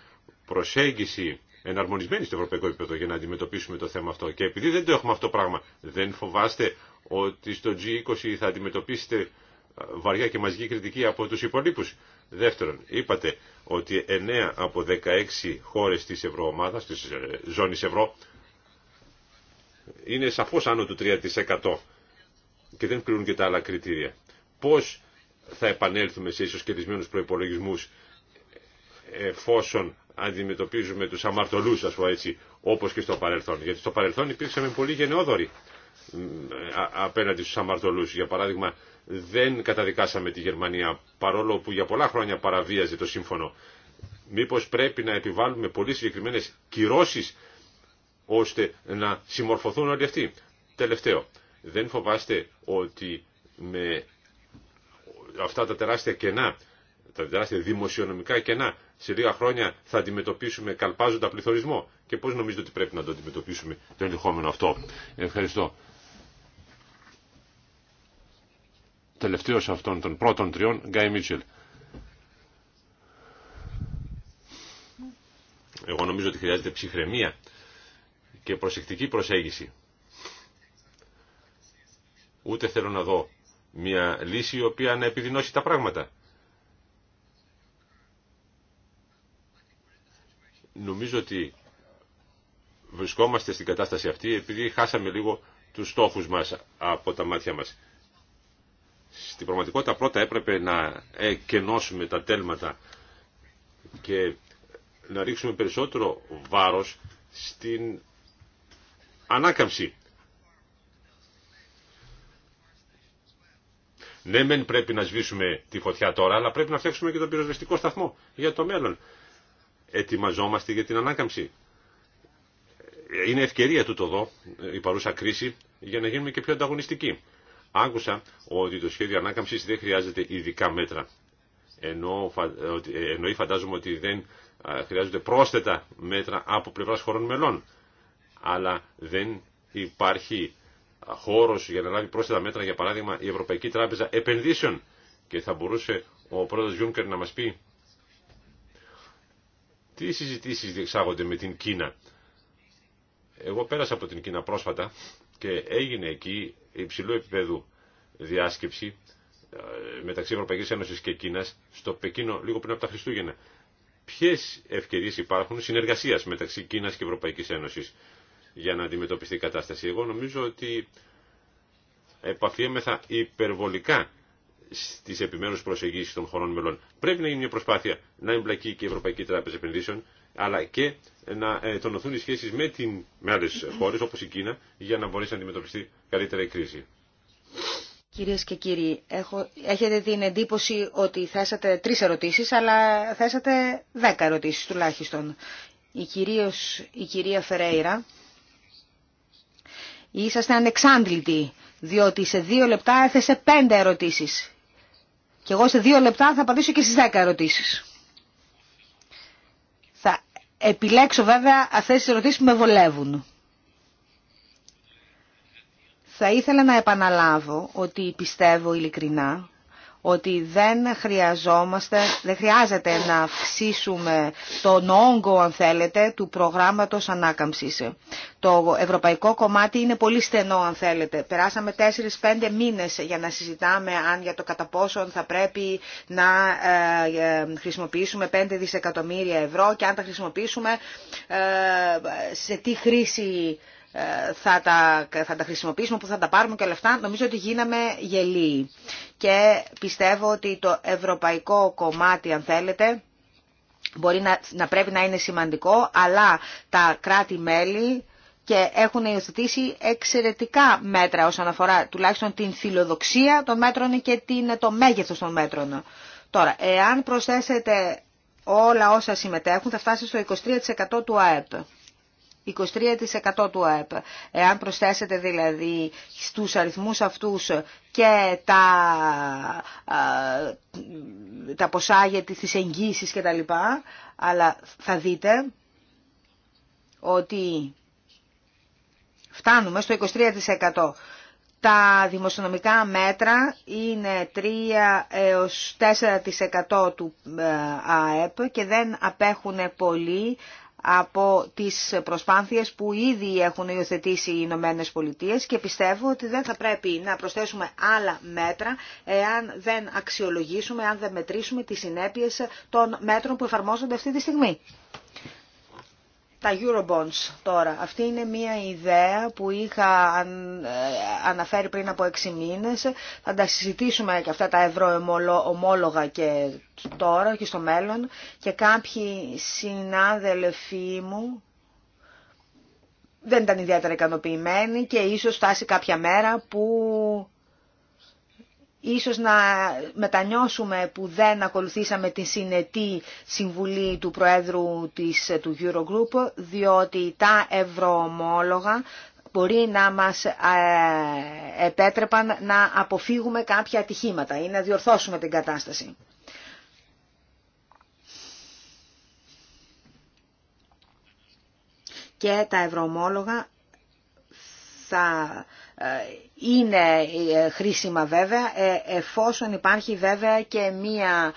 προσέγγιση εναρμονισμένη στο ευρωπαϊκό επίπεδο για να αντιμετωπίσουμε το θέμα αυτό. Και επειδή δεν το έχουμε αυτό το πράγμα, δεν φοβάστε ότι στο G20 θα αντιμετωπίσετε ε, βαριά και μαζική κριτική από τους υπολείπους. Δεύτερον, είπατε ότι 9 από 16 χώρες της ευρωομάδας, της ε, ζώνης ευρώ, είναι σαφώς άνω του 3% και δεν πληρούν και τα άλλα κριτήρια. Πώς θα επανέλθουμε σε ισοσκελισμένους προϋπολογισμούς εφόσον αντιμετωπίζουμε τους αμαρτωλούς, ας πω έτσι, όπως και στο παρελθόν. Γιατί στο παρελθόν υπήρξαμε πολύ γενναιόδοροι απέναντι στους αμαρτωλούς. Για παράδειγμα, δεν καταδικάσαμε τη Γερμανία, παρόλο που για πολλά χρόνια παραβίαζε το σύμφωνο. Μήπως πρέπει να επιβάλλουμε πολύ συγκεκριμένες κυρώσεις, ώστε να συμμορφωθούν όλοι αυτοί. Τελευταίο, δεν φοβάστε ότι με αυτά τα τεράστια κενά, τα τεράστια δημοσιονομικά κενά, σε λίγα χρόνια θα αντιμετωπίσουμε καλπάζοντα πληθωρισμό. Και πώς νομίζετε ότι πρέπει να το αντιμετωπίσουμε το ενδεχόμενο αυτό. Ευχαριστώ. Τελευταίος αυτών των πρώτων τριών, Γκάι Μίτσελ. Εγώ νομίζω ότι χρειάζεται ψυχραιμία και προσεκτική προσέγγιση. Ούτε θέλω να δω μια λύση η οποία να επιδεινώσει τα πράγματα. Νομίζω ότι βρισκόμαστε στην κατάσταση αυτή επειδή χάσαμε λίγο τους στόχους μας από τα μάτια μας. Στην πραγματικότητα πρώτα έπρεπε να εκενώσουμε τα τέλματα και να ρίξουμε περισσότερο βάρος στην ανάκαμψη Ναι, μεν πρέπει να σβήσουμε τη φωτιά τώρα, αλλά πρέπει να φτιάξουμε και τον πυροσβεστικό σταθμό για το μέλλον. Ετοιμαζόμαστε για την ανάκαμψη. Είναι ευκαιρία τούτο εδώ, η παρούσα κρίση, για να γίνουμε και πιο ανταγωνιστικοί. Άκουσα ότι το σχέδιο ανάκαμψη δεν χρειάζεται ειδικά μέτρα. Ενώ, εννοεί φαντάζομαι ότι δεν χρειάζονται πρόσθετα μέτρα από πλευρά χωρών μελών. Αλλά δεν υπάρχει Χώρο για να λάβει πρόσθετα μέτρα, για παράδειγμα η Ευρωπαϊκή Τράπεζα Επενδύσεων και θα μπορούσε ο πρόεδρος Γιούνκερ να μας πει τι συζητήσει διεξάγονται με την Κίνα. Εγώ πέρασα από την Κίνα πρόσφατα και έγινε εκεί υψηλού επίπεδου διάσκεψη ε, μεταξύ Ευρωπαϊκής Ένωσης και Κίνας στο Πεκίνο λίγο πριν από τα Χριστούγεννα. Ποιες ευκαιρίες υπάρχουν συνεργασίας μεταξύ Κίνας και Ευρωπαϊκής Ένωση για να αντιμετωπιστεί η κατάσταση. Εγώ νομίζω ότι επαφιέμεθα υπερβολικά στις επιμέρους προσεγγίσεις των χωρών μελών. Πρέπει να γίνει μια προσπάθεια να εμπλακεί και η Ευρωπαϊκή Τράπεζα Επενδύσεων, αλλά και να ε, τονωθούν οι σχέσεις με, την, με άλλες χώρες όπως η Κίνα για να μπορέσει να αντιμετωπιστεί καλύτερα η κρίση. Κυρίε και κύριοι, έχετε την εντύπωση ότι θέσατε τρεις ερωτήσεις, αλλά θέσατε δέκα ερωτήσεις τουλάχιστον. Η, κυρίως, η κυρία Φερέιρα Είσαστε ανεξάντλητοι, διότι σε δύο λεπτά έθεσε πέντε ερωτήσεις. Και εγώ σε δύο λεπτά θα απαντήσω και στις δέκα ερωτήσεις. Θα επιλέξω βέβαια αυτές τις ερωτήσεις που με βολεύουν. Θα ήθελα να επαναλάβω ότι πιστεύω ειλικρινά ότι δεν χρειαζόμαστε, δεν χρειάζεται να αυξήσουμε τον όγκο, αν θέλετε, του προγράμματος ανάκαμψης. Το ευρωπαϊκό κομμάτι είναι πολύ στενό, αν θέλετε. Περάσαμε 4-5 μήνες για να συζητάμε αν για το κατά πόσο θα πρέπει να ε, ε, χρησιμοποιήσουμε 5 δισεκατομμύρια ευρώ και αν τα χρησιμοποιήσουμε ε, σε τι χρήση θα τα, θα χρησιμοποιήσουμε, που θα τα πάρουμε και όλα αυτά, νομίζω ότι γίναμε γελοί. Και πιστεύω ότι το ευρωπαϊκό κομμάτι, αν θέλετε, μπορεί να, πρέπει να είναι σημαντικό, αλλά τα κράτη-μέλη και έχουν υιοθετήσει εξαιρετικά μέτρα όσον αφορά τουλάχιστον την φιλοδοξία των μέτρων και την, το μέγεθος των μέτρων. Τώρα, εάν προσθέσετε όλα όσα συμμετέχουν, θα φτάσει στο 23% του ΑΕΠ. 23% του ΑΕΠ. Εάν προσθέσετε δηλαδή στους αριθμούς αυτούς και τα, τα ποσά για τις εγγύσεις και τα λοιπά, αλλά θα δείτε ότι φτάνουμε στο 23%. Τα δημοσιονομικά μέτρα είναι 3 έως 4% του ε, ΑΕΠ και δεν απέχουν πολύ από τις προσπάθειες που ήδη έχουν υιοθετήσει οι Ηνωμένε Πολιτείε και πιστεύω ότι δεν θα πρέπει να προσθέσουμε άλλα μέτρα εάν δεν αξιολογήσουμε, αν δεν μετρήσουμε τις συνέπειες των μέτρων που εφαρμόζονται αυτή τη στιγμή τα Eurobonds τώρα. Αυτή είναι μια ιδέα που είχα ε, αναφέρει πριν από έξι μήνες. Θα τα συζητήσουμε και αυτά τα Ομόλογα και τώρα και στο μέλλον. Και κάποιοι συνάδελφοί μου δεν ήταν ιδιαίτερα ικανοποιημένοι και ίσως φτάσει κάποια μέρα που Ίσως να μετανιώσουμε που δεν ακολουθήσαμε τη συνετή συμβουλή του Προέδρου της, του Eurogroup, διότι τα ευρωομόλογα μπορεί να μας ε, επέτρεπαν να αποφύγουμε κάποια ατυχήματα ή να διορθώσουμε την κατάσταση. Και τα ευρωομόλογα θα ε, είναι ε, χρήσιμα βέβαια ε, εφόσον υπάρχει βέβαια και μία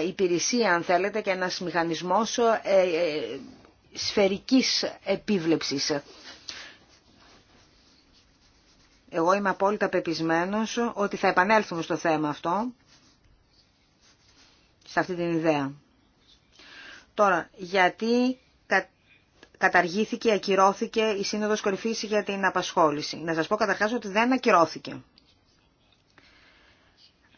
ε, υπηρεσία αν θέλετε και ένας μηχανισμός σφαιρικής επίβλεψης. Εγώ είμαι απόλυτα πεπισμένος ότι θα επανέλθουμε στο θέμα αυτό, σε αυτή την ιδέα. Τώρα, γιατί καταργήθηκε, ακυρώθηκε η Σύνοδος Κορυφής για την απασχόληση. Να σας πω καταρχάς ότι δεν ακυρώθηκε.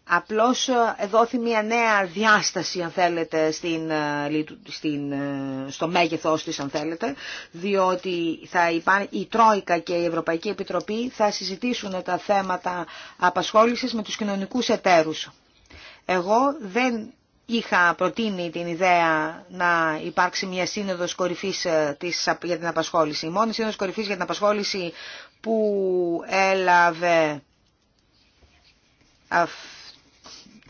Απλώς ε, δόθη μια νέα διάσταση, αν θέλετε, στην, ε, στην, ε, στο μέγεθός της, αν θέλετε, διότι θα η Τρόικα και η Ευρωπαϊκή Επιτροπή θα συζητήσουν τα θέματα απασχόλησης με τους κοινωνικούς εταίρους. Εγώ δεν είχα προτείνει την ιδέα να υπάρξει μια σύνοδος κορυφής ε, της, για την απασχόληση. Η μόνη σύνοδος κορυφής για την απασχόληση που έλαβε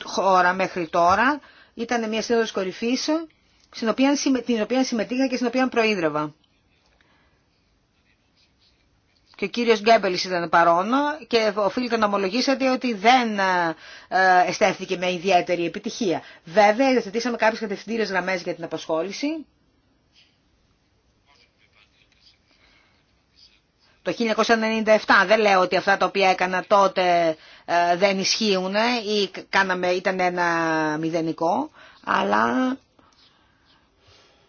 χώρα μέχρι τώρα ήταν μια σύνοδος κορυφής στην οποία, την οποία συμμετείχα και στην οποία προείδρευα ο κύριος Γκέμπελης ήταν παρόν και οφείλετε να ομολογήσατε ότι δεν ε, ε, εστέφθηκε με ιδιαίτερη επιτυχία. Βέβαια, υιοθετήσαμε κάποιες κατευθυντήρες γραμμές για την απασχόληση. Το 1997 δεν λέω ότι αυτά τα οποία έκανα τότε ε, δεν ισχύουν ή κάναμε, ήταν ένα μηδενικό, αλλά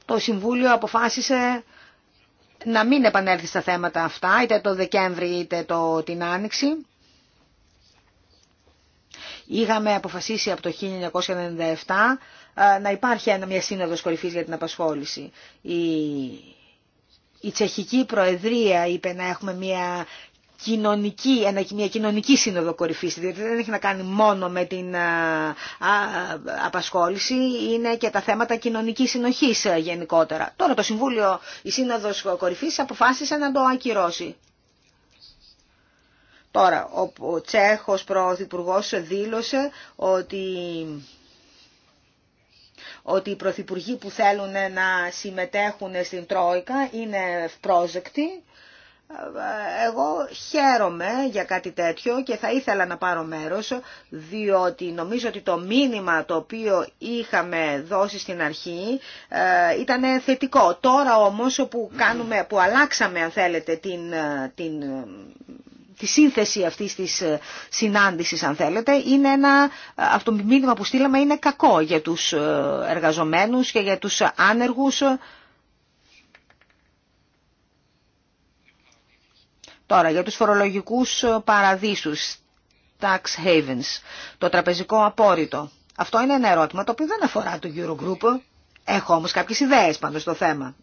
το Συμβούλιο αποφάσισε να μην επανέλθει στα θέματα αυτά, είτε το Δεκέμβρη είτε το, την Άνοιξη. Είχαμε αποφασίσει από το 1997 ε, να υπάρχει ένα, μια σύνοδος κορυφής για την απασχόληση. Η, η Τσεχική Προεδρία είπε να έχουμε μια κοινωνική, μια κοινωνική σύνοδο κορυφής, διότι δεν έχει να κάνει μόνο με την απασχόληση, είναι και τα θέματα κοινωνική συνοχή ε, γενικότερα. Τώρα το Συμβούλιο, η Σύνοδο Κορυφή αποφάσισε να το ακυρώσει. Τώρα, ο Τσέχος Πρωθυπουργός δήλωσε ότι ότι οι πρωθυπουργοί που θέλουν να συμμετέχουν στην Τρόικα είναι ευπρόζεκτοι εγώ χαίρομαι για κάτι τέτοιο και θα ήθελα να πάρω μέρος, διότι νομίζω ότι το μήνυμα το οποίο είχαμε δώσει στην αρχή ε, ήταν θετικό. Τώρα όμως που, κάνουμε, που αλλάξαμε, αν θέλετε, την, την, τη σύνθεση αυτής της ε, συνάντησης, αν θέλετε, είναι ένα, ε, αυτό μήνυμα που στείλαμε είναι κακό για τους εργαζομένους και για τους άνεργους Τώρα, για τους φορολογικούς ε, παραδείσους, tax havens, το τραπεζικό απόρριτο. Αυτό είναι ένα ερώτημα το οποίο δεν αφορά το Eurogroup. Έχω όμως κάποιες ιδέες πάνω στο θέμα.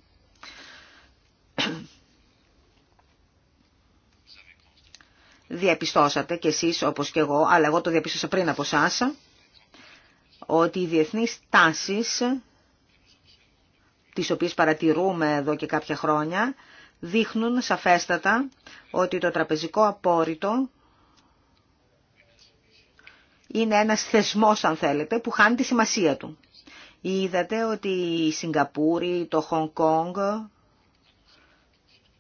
Διαπιστώσατε κι εσείς όπως και εγώ, αλλά εγώ το διαπίστωσα πριν από εσά, ότι οι διεθνείς τάσεις, τις οποίες παρατηρούμε εδώ και κάποια χρόνια, δείχνουν σαφέστατα ότι το τραπεζικό απόρριτο είναι ένας θεσμός, αν θέλετε, που χάνει τη σημασία του. Είδατε ότι η Σιγκαπούρη, το Χονγκ Κόνγκ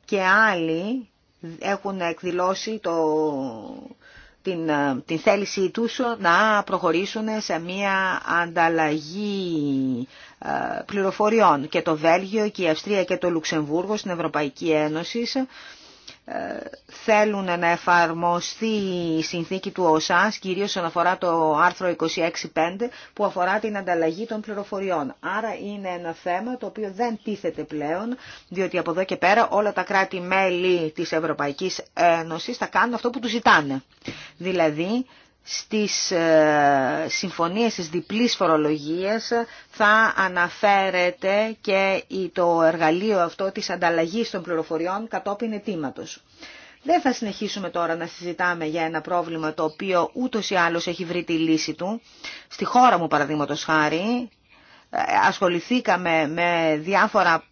και άλλοι έχουν εκδηλώσει το την, ε, την θέλησή τους να προχωρήσουν σε μια ανταλλαγή ε, πληροφοριών και το Βέλγιο και η Αυστρία και το Λουξεμβούργο στην Ευρωπαϊκή Ένωση ε, θέλουν να εφαρμοστεί η συνθήκη του ΟΣΑ, κυρίως όσον αφορά το άρθρο 26.5 που αφορά την ανταλλαγή των πληροφοριών. Άρα είναι ένα θέμα το οποίο δεν τίθεται πλέον, διότι από εδώ και πέρα όλα τα κράτη-μέλη της Ευρωπαϊκής Ένωσης θα κάνουν αυτό που τους ζητάνε. Δηλαδή στις ε, συμφωνίες της διπλής φορολογίας θα αναφέρεται και το εργαλείο αυτό της ανταλλαγής των πληροφοριών κατόπιν αιτήματος. Δεν θα συνεχίσουμε τώρα να συζητάμε για ένα πρόβλημα το οποίο ούτως ή άλλως έχει βρει τη λύση του. Στη χώρα μου παραδείγματος χάρη ε, ασχοληθήκαμε με διάφορα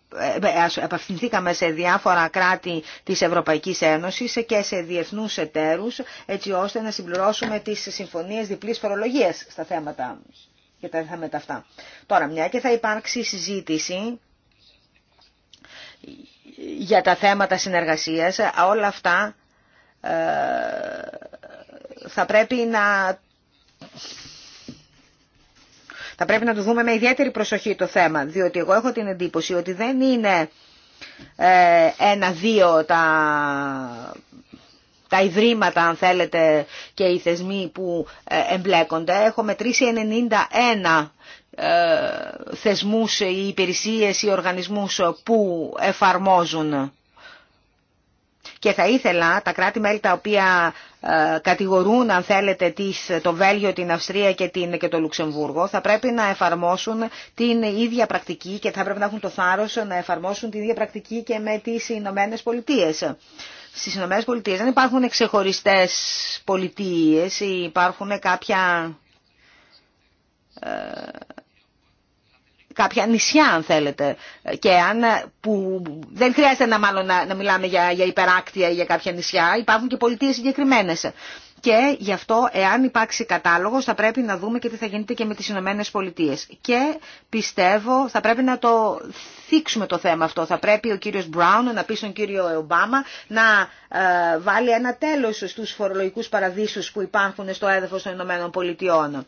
απευθυνθήκαμε σε διάφορα κράτη της Ευρωπαϊκής Ένωσης και σε διεθνούς εταίρους έτσι ώστε να συμπληρώσουμε τις συμφωνίες διπλής φορολογίας στα θέματα και τα θέματα αυτά. Τώρα, μια και θα υπάρξει συζήτηση για τα θέματα συνεργασίας, όλα αυτά ε, θα πρέπει να θα πρέπει να το δούμε με ιδιαίτερη προσοχή το θέμα, διότι εγώ έχω την εντύπωση ότι δεν είναι ε, ένα-δύο τα τα ιδρύματα, αν θέλετε, και οι θεσμοί που ε, εμπλέκονται. Έχω μετρήσει 91 ε, θεσμούς ή υπηρεσίες ή οργανισμούς που εφαρμόζουν και θα ήθελα τα κράτη-μέλη τα οποία ε, κατηγορούν αν θέλετε τις, το Βέλγιο, την Αυστρία και, την, και το Λουξεμβούργο θα πρέπει να εφαρμόσουν την ίδια πρακτική και θα πρέπει να έχουν το θάρρος να εφαρμόσουν την ίδια πρακτική και με τις Ηνωμένε Πολιτείε. Στις Ηνωμένε Πολιτείε, δεν υπάρχουν ξεχωριστές πολιτείες, υπάρχουν κάποια ε, κάποια νησιά αν θέλετε και αν ε, που δεν χρειάζεται να μάλλον να, μιλάμε για, για υπεράκτια ή για κάποια νησιά υπάρχουν και πολιτείες συγκεκριμένες και γι' αυτό, εάν υπάρξει κατάλογος, θα πρέπει να δούμε και τι θα γίνεται και με τις Ηνωμένε Πολιτείε. Και πιστεύω, θα πρέπει να το θίξουμε το θέμα αυτό. Θα πρέπει ο κύριος Μπράουν να πει στον κύριο Ομπάμα να ε, βάλει ένα τέλος στους φορολογικούς παραδείσους που υπάρχουν στο έδαφος των Ηνωμένων Πολιτειών.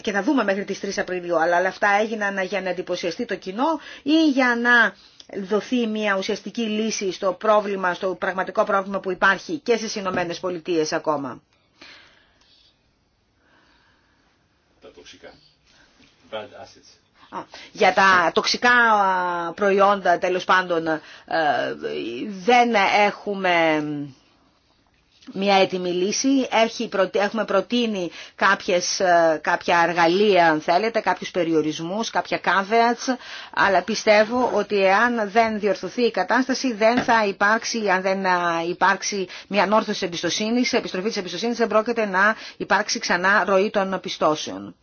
και θα δούμε μέχρι τι 3 Απριλίου, αλλά αυτά έγιναν για να εντυπωσιαστεί το κοινό ή για να δοθεί μια ουσιαστική λύση στο πρόβλημα, στο πραγματικό πρόβλημα που υπάρχει και στις Ηνωμένε Πολιτείε ακόμα. Τα τοξικά. Bad assets. Για τα τοξικά προϊόντα, τέλος πάντων, ε, δεν έχουμε μια έτοιμη λύση. Έχουμε προτείνει κάποιες, ε, κάποια εργαλεία, αν θέλετε, κάποιους περιορισμούς, κάποια caveats, αλλά πιστεύω ότι εάν δεν διορθωθεί η κατάσταση, δεν θα υπάρξει, αν δεν ε, υπάρξει μια ανόρθωση εμπιστοσύνης, επιστροφή της εμπιστοσύνης, δεν πρόκειται να υπάρξει ξανά ροή των πιστώσεων.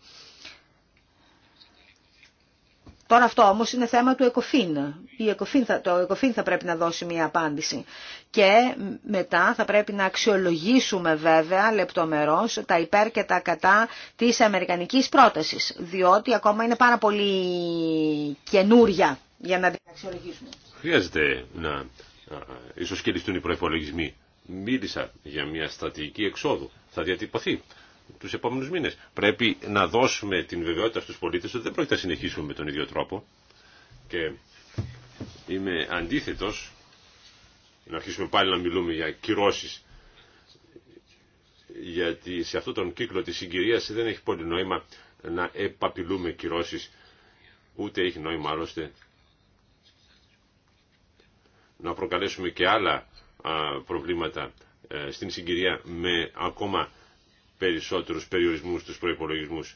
Τώρα αυτό όμως είναι θέμα του ΕΚΟΦΗΝ. το ΕΚΟΦΗΝ θα πρέπει να δώσει μια απάντηση. Και μετά θα πρέπει να αξιολογήσουμε βέβαια λεπτομερώς τα υπέρ και τα κατά της αμερικανικής πρότασης. Διότι ακόμα είναι πάρα πολύ καινούρια για να την αξιολογήσουμε. Χρειάζεται να Ίσως ισοσκελιστούν οι προϋπολογισμοί. Μίλησα για μια στρατηγική εξόδου. Θα διατυπωθεί τους επόμενου μήνε. Πρέπει να δώσουμε την βεβαιότητα στους πολίτες ότι δεν πρόκειται να συνεχίσουμε με τον ίδιο τρόπο και είμαι αντίθετος να αρχίσουμε πάλι να μιλούμε για κυρώσει γιατί σε αυτόν τον κύκλο της συγκυρία δεν έχει πολύ νόημα να επαπειλούμε κυρώσει ούτε έχει νόημα άλλωστε να προκαλέσουμε και άλλα προβλήματα ε, στην συγκυρία με ακόμα περισσότερους περιορισμούς στους προϋπολογισμούς.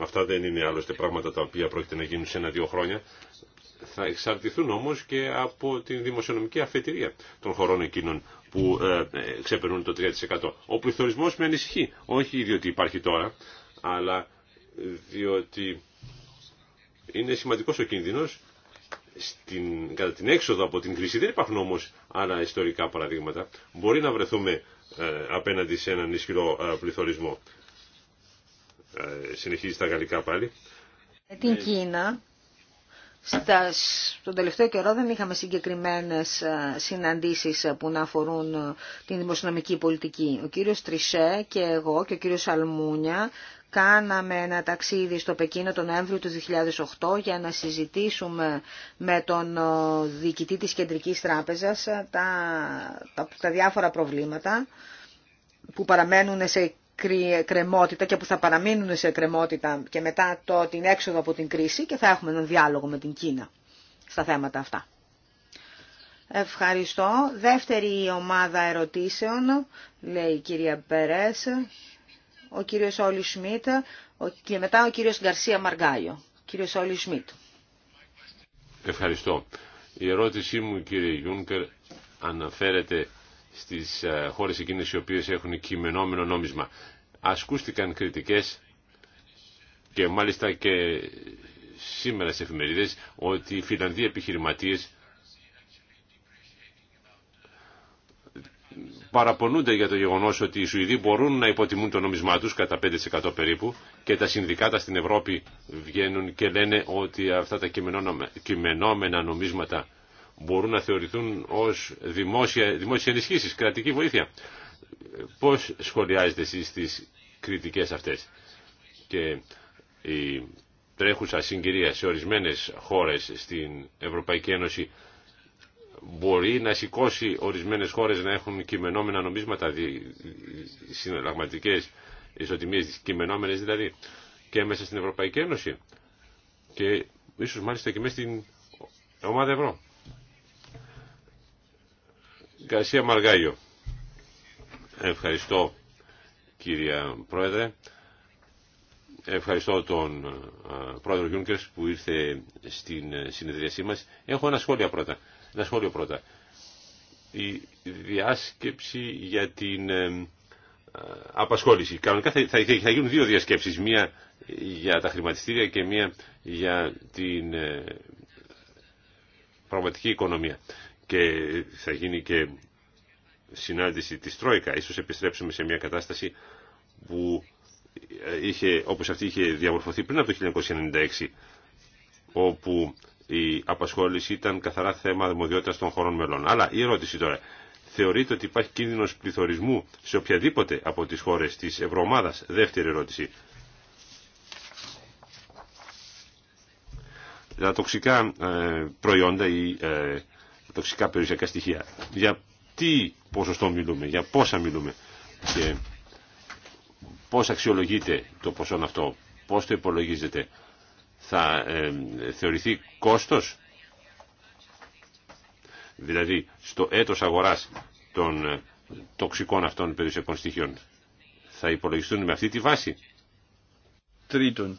Αυτά δεν είναι άλλωστε πράγματα τα οποία πρόκειται να γίνουν σε ένα-δύο χρόνια. Θα εξαρτηθούν όμως και από την δημοσιονομική αφετηρία των χωρών εκείνων που ε, ξεπερνούν το 3%. Ο πληθωρισμός με ανησυχεί, όχι διότι υπάρχει τώρα, αλλά διότι είναι σημαντικός ο κίνδυνος στην, κατά την έξοδο από την κρίση. Δεν υπάρχουν όμως άλλα ιστορικά παραδείγματα, μπορεί να βρεθούμε ε, απέναντι σε έναν ισχυρό ε, πληθωρισμό. Ε, συνεχίζει τα γαλλικά πάλι. Την ναι. Κίνα στα, στον τελευταίο καιρό δεν είχαμε συγκεκριμένες ε, συναντήσεις ε, που να αφορούν ε, την δημοσιονομική πολιτική. Ο κύριος Τρισέ και εγώ και ο κύριος Σαλμούνια κάναμε ένα ταξίδι στο Πεκίνο τον Νοέμβριο του 2008 για να συζητήσουμε με τον διοικητή της Κεντρικής Τράπεζας τα, τα, τα διάφορα προβλήματα που παραμένουν σε κρεμότητα και που θα παραμείνουν σε κρεμότητα και μετά το, την έξοδο από την κρίση και θα έχουμε έναν διάλογο με την Κίνα στα θέματα αυτά. Ευχαριστώ. Δεύτερη ομάδα ερωτήσεων, λέει η κυρία Περές, ο κύριος Όλι Σμιτ και μετά ο κύριος Γκαρσία Μαργάιο. Κύριος Όλι Σμιτ. Ευχαριστώ. Η ερώτησή μου κύριε Γιούνκερ αναφέρεται στις ε, χώρες εκείνες οι οποίες έχουν κειμενόμενο νόμισμα. Ασκούστηκαν κριτικές και μάλιστα και σήμερα σε εφημερίδες ότι οι Φιλανδοί επιχειρηματίες παραπονούνται για το γεγονός ότι οι Σουηδοί μπορούν να υποτιμούν το νομισμά τους κατά 5% περίπου και τα συνδικάτα στην Ευρώπη βγαίνουν και λένε ότι αυτά τα κειμενόμενα νομίσματα μπορούν να θεωρηθούν ως δημόσια, δημόσια ενισχύσεις, κρατική βοήθεια. Πώς σχολιάζετε εσείς τις κριτικές αυτές και η τρέχουσα συγκυρία σε ορισμένες χώρες στην Ευρωπαϊκή Ένωση μπορεί να σηκώσει ορισμένες χώρες να έχουν κειμενόμενα νομίσματα συναλλαγματικές ισοτιμίες κειμενόμενες δηλαδή και μέσα στην Ευρωπαϊκή Ένωση και ίσως μάλιστα και μέσα στην ομάδα ευρώ. Γκαρσία Μαργάγιο. Ευχαριστώ κύρια Πρόεδρε. Ευχαριστώ τον Πρόεδρο Γιούνκερς που ήρθε στην ε, συνεδρίασή μας. Έχω ένα σχόλιο πρώτα. Ένα σχόλιο πρώτα. Η διάσκεψη για την ε, απασχόληση. Κανονικά θα, γίνουν δύο διασκέψεις. Μία για τα χρηματιστήρια και μία για την ε, πραγματική οικονομία και θα γίνει και συνάντηση της Τρόικα. Ίσως επιστρέψουμε σε μια κατάσταση που ε, είχε, όπως αυτή είχε διαμορφωθεί πριν από το 1996, όπου η απασχόληση ήταν καθαρά θέμα δημοδιότητας των χωρών μελών. Αλλά η ερώτηση τώρα, θεωρείτε ότι υπάρχει κίνδυνος πληθωρισμού σε οποιαδήποτε από τις χώρες της Ευρωομάδας. Δεύτερη ερώτηση. Τα τοξικά ε, προϊόντα ή ε, τοξικά περιουσιακά στοιχεία. Για τι ποσοστό μιλούμε, για πόσα μιλούμε και πώς αξιολογείται το ποσό αυτό, πώς το υπολογίζεται. Θα ε, θεωρηθεί κόστος, δηλαδή στο έτος αγοράς των ε, τοξικών αυτών περιουσιακών στοιχείων. Θα υπολογιστούν με αυτή τη βάση. Τρίτον,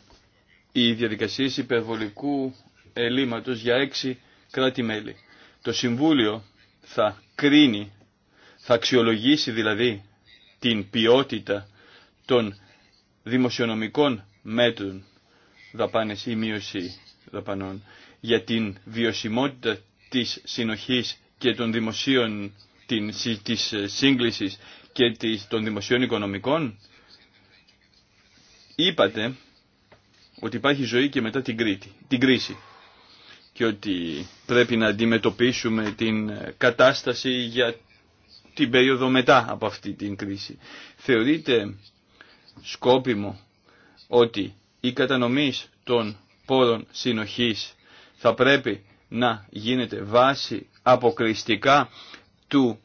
οι διαδικασία υπερβολικού ελλείμματος για έξι κράτη-μέλη. Το Συμβούλιο θα κρίνει, θα αξιολογήσει δηλαδή την ποιότητα των δημοσιονομικών μέτρων δαπάνες ή μείωση δαπανών για την βιωσιμότητα της συνοχής και των δημοσίων της σύγκλησης και των δημοσίων οικονομικών είπατε ότι υπάρχει ζωή και μετά την, την κρίση και ότι πρέπει να αντιμετωπίσουμε την κατάσταση για την περίοδο μετά από αυτή την κρίση. Θεωρείτε σκόπιμο ότι η κατανομής των πόρων συνοχής θα πρέπει να γίνεται βάση αποκριστικά του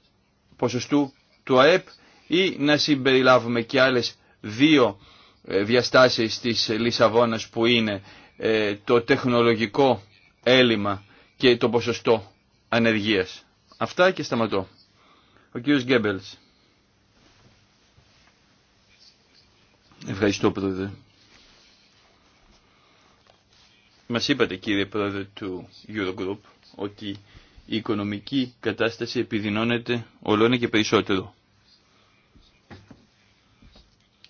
ποσοστού του ΑΕΠ ή να συμπεριλάβουμε και άλλες δύο ε, διαστάσεις της Λισαβόνας που είναι ε, το τεχνολογικό έλλειμμα και το ποσοστό ανεργίας. Αυτά και σταματώ. Ο κύριος Γκέμπελς. Ευχαριστώ πρόεδρε. Μας είπατε κύριε πρόεδρε του Eurogroup ότι η οικονομική κατάσταση επιδεινώνεται ολόνα και περισσότερο.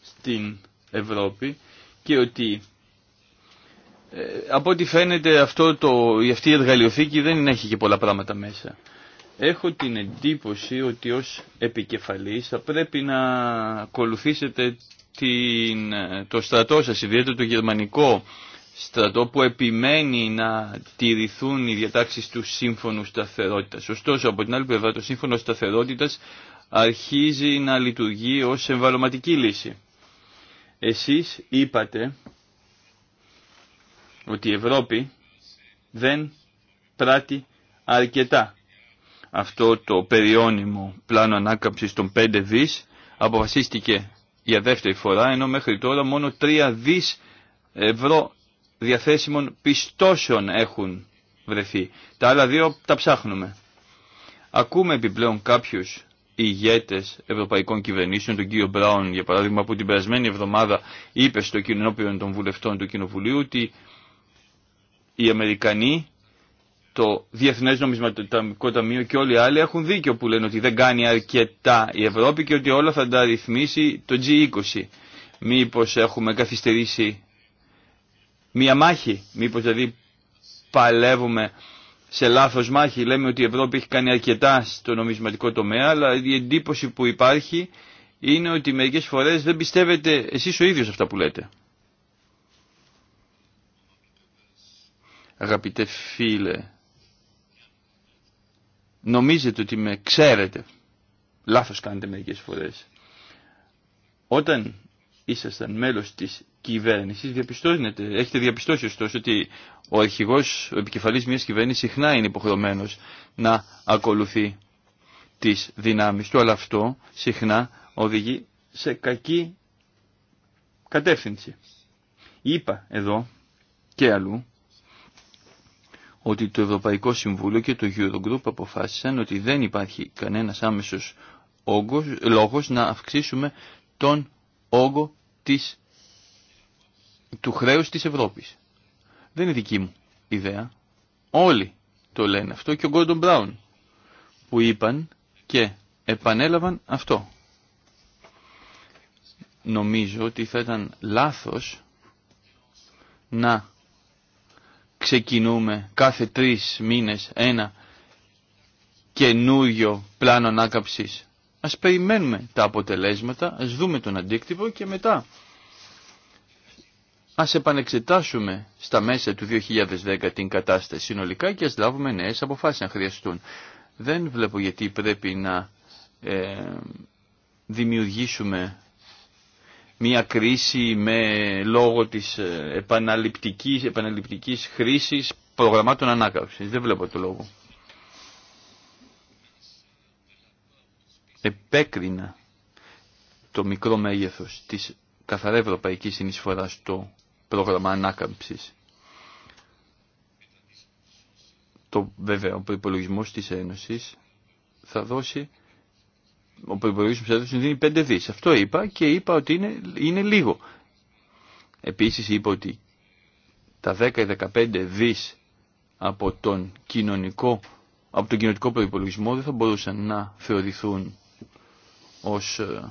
Στην Ευρώπη και ότι ε, από ό,τι φαίνεται αυτό το, η αυτή η εργαλειοθήκη δεν έχει και πολλά πράγματα μέσα. Έχω την εντύπωση ότι ως επικεφαλής θα πρέπει να ακολουθήσετε την, το στρατό σας, ιδιαίτερα το γερμανικό στρατό που επιμένει να τηρηθούν οι διατάξεις του Σύμφωνου Σταθερότητας. Ωστόσο, από την άλλη πλευρά, το Σύμφωνο Σταθερότητας αρχίζει να λειτουργεί ως εμβαλωματική λύση. Εσείς είπατε ότι η Ευρώπη δεν πράττει αρκετά. Αυτό το περιώνυμο πλάνο ανάκαμψης των 5 δις αποφασίστηκε για δεύτερη φορά, ενώ μέχρι τώρα μόνο 3 δις ευρώ διαθέσιμων πιστώσεων έχουν βρεθεί. Τα άλλα δύο τα ψάχνουμε. Ακούμε επιπλέον κάποιους ηγέτες... ευρωπαϊκών κυβερνήσεων, τον κύριο Μπράουν για παράδειγμα, που την περασμένη εβδομάδα είπε στο κοινόπιον των βουλευτών του Κοινοβουλίου οι Αμερικανοί, το Διεθνές Νομισματικό Ταμείο και όλοι οι άλλοι έχουν δίκιο που λένε ότι δεν κάνει αρκετά η Ευρώπη και ότι όλα θα τα ρυθμίσει το G20. Μήπως έχουμε καθυστερήσει μία μάχη, μήπως δηλαδή παλεύουμε σε λάθος μάχη. Λέμε ότι η Ευρώπη έχει κάνει αρκετά στο νομισματικό τομέα, αλλά η εντύπωση που υπάρχει είναι ότι μερικές φορές δεν πιστεύετε εσείς ο ίδιος αυτά που λέτε. αγαπητέ φίλε, νομίζετε ότι με ξέρετε. Λάθος κάνετε μερικές φορές. Όταν ήσασταν μέλος της κυβέρνησης, διαπιστώνετε, έχετε διαπιστώσει ωστόσο ότι ο αρχηγός, ο επικεφαλής μιας κυβέρνησης συχνά είναι υποχρεωμένος να ακολουθεί τις δυνάμεις του, αλλά αυτό συχνά οδηγεί σε κακή κατεύθυνση. Είπα εδώ και αλλού ότι το Ευρωπαϊκό Συμβούλιο και το Eurogroup αποφάσισαν ότι δεν υπάρχει κανένας άμεσος όγκος, λόγος να αυξήσουμε τον όγκο της, του χρέους της Ευρώπης. Δεν είναι δική μου ιδέα. Όλοι το λένε αυτό και ο Gordon Brown που είπαν και επανέλαβαν αυτό. Νομίζω ότι θα ήταν λάθος να ξεκινούμε κάθε τρεις μήνες ένα καινούριο πλάνο ανάκαψης. Ας περιμένουμε τα αποτελέσματα, ας δούμε τον αντίκτυπο και μετά ας επανεξετάσουμε στα μέσα του 2010 την κατάσταση συνολικά και ας λάβουμε νέες αποφάσεις αν χρειαστούν. Δεν βλέπω γιατί πρέπει να ε, δημιουργήσουμε μια κρίση με λόγο της ε, επαναληπτικής, επαναληπτικής χρήσης προγραμμάτων ανάκαμψης. Δεν βλέπω το λόγο. Επέκρινα το μικρό μέγεθος της καθαρά ευρωπαϊκής συνεισφοράς στο πρόγραμμα ανάκαμψης. Το βέβαια, ο προπολογισμό της Ένωσης θα δώσει ο προϋπολογισμός του δίνει 5 δις. Αυτό είπα και είπα ότι είναι, είναι λίγο. Επίσης είπα ότι τα 10 15 δις από τον κοινωνικό από τον κοινωνικό προϋπολογισμό δεν θα μπορούσαν να θεωρηθούν ως ε,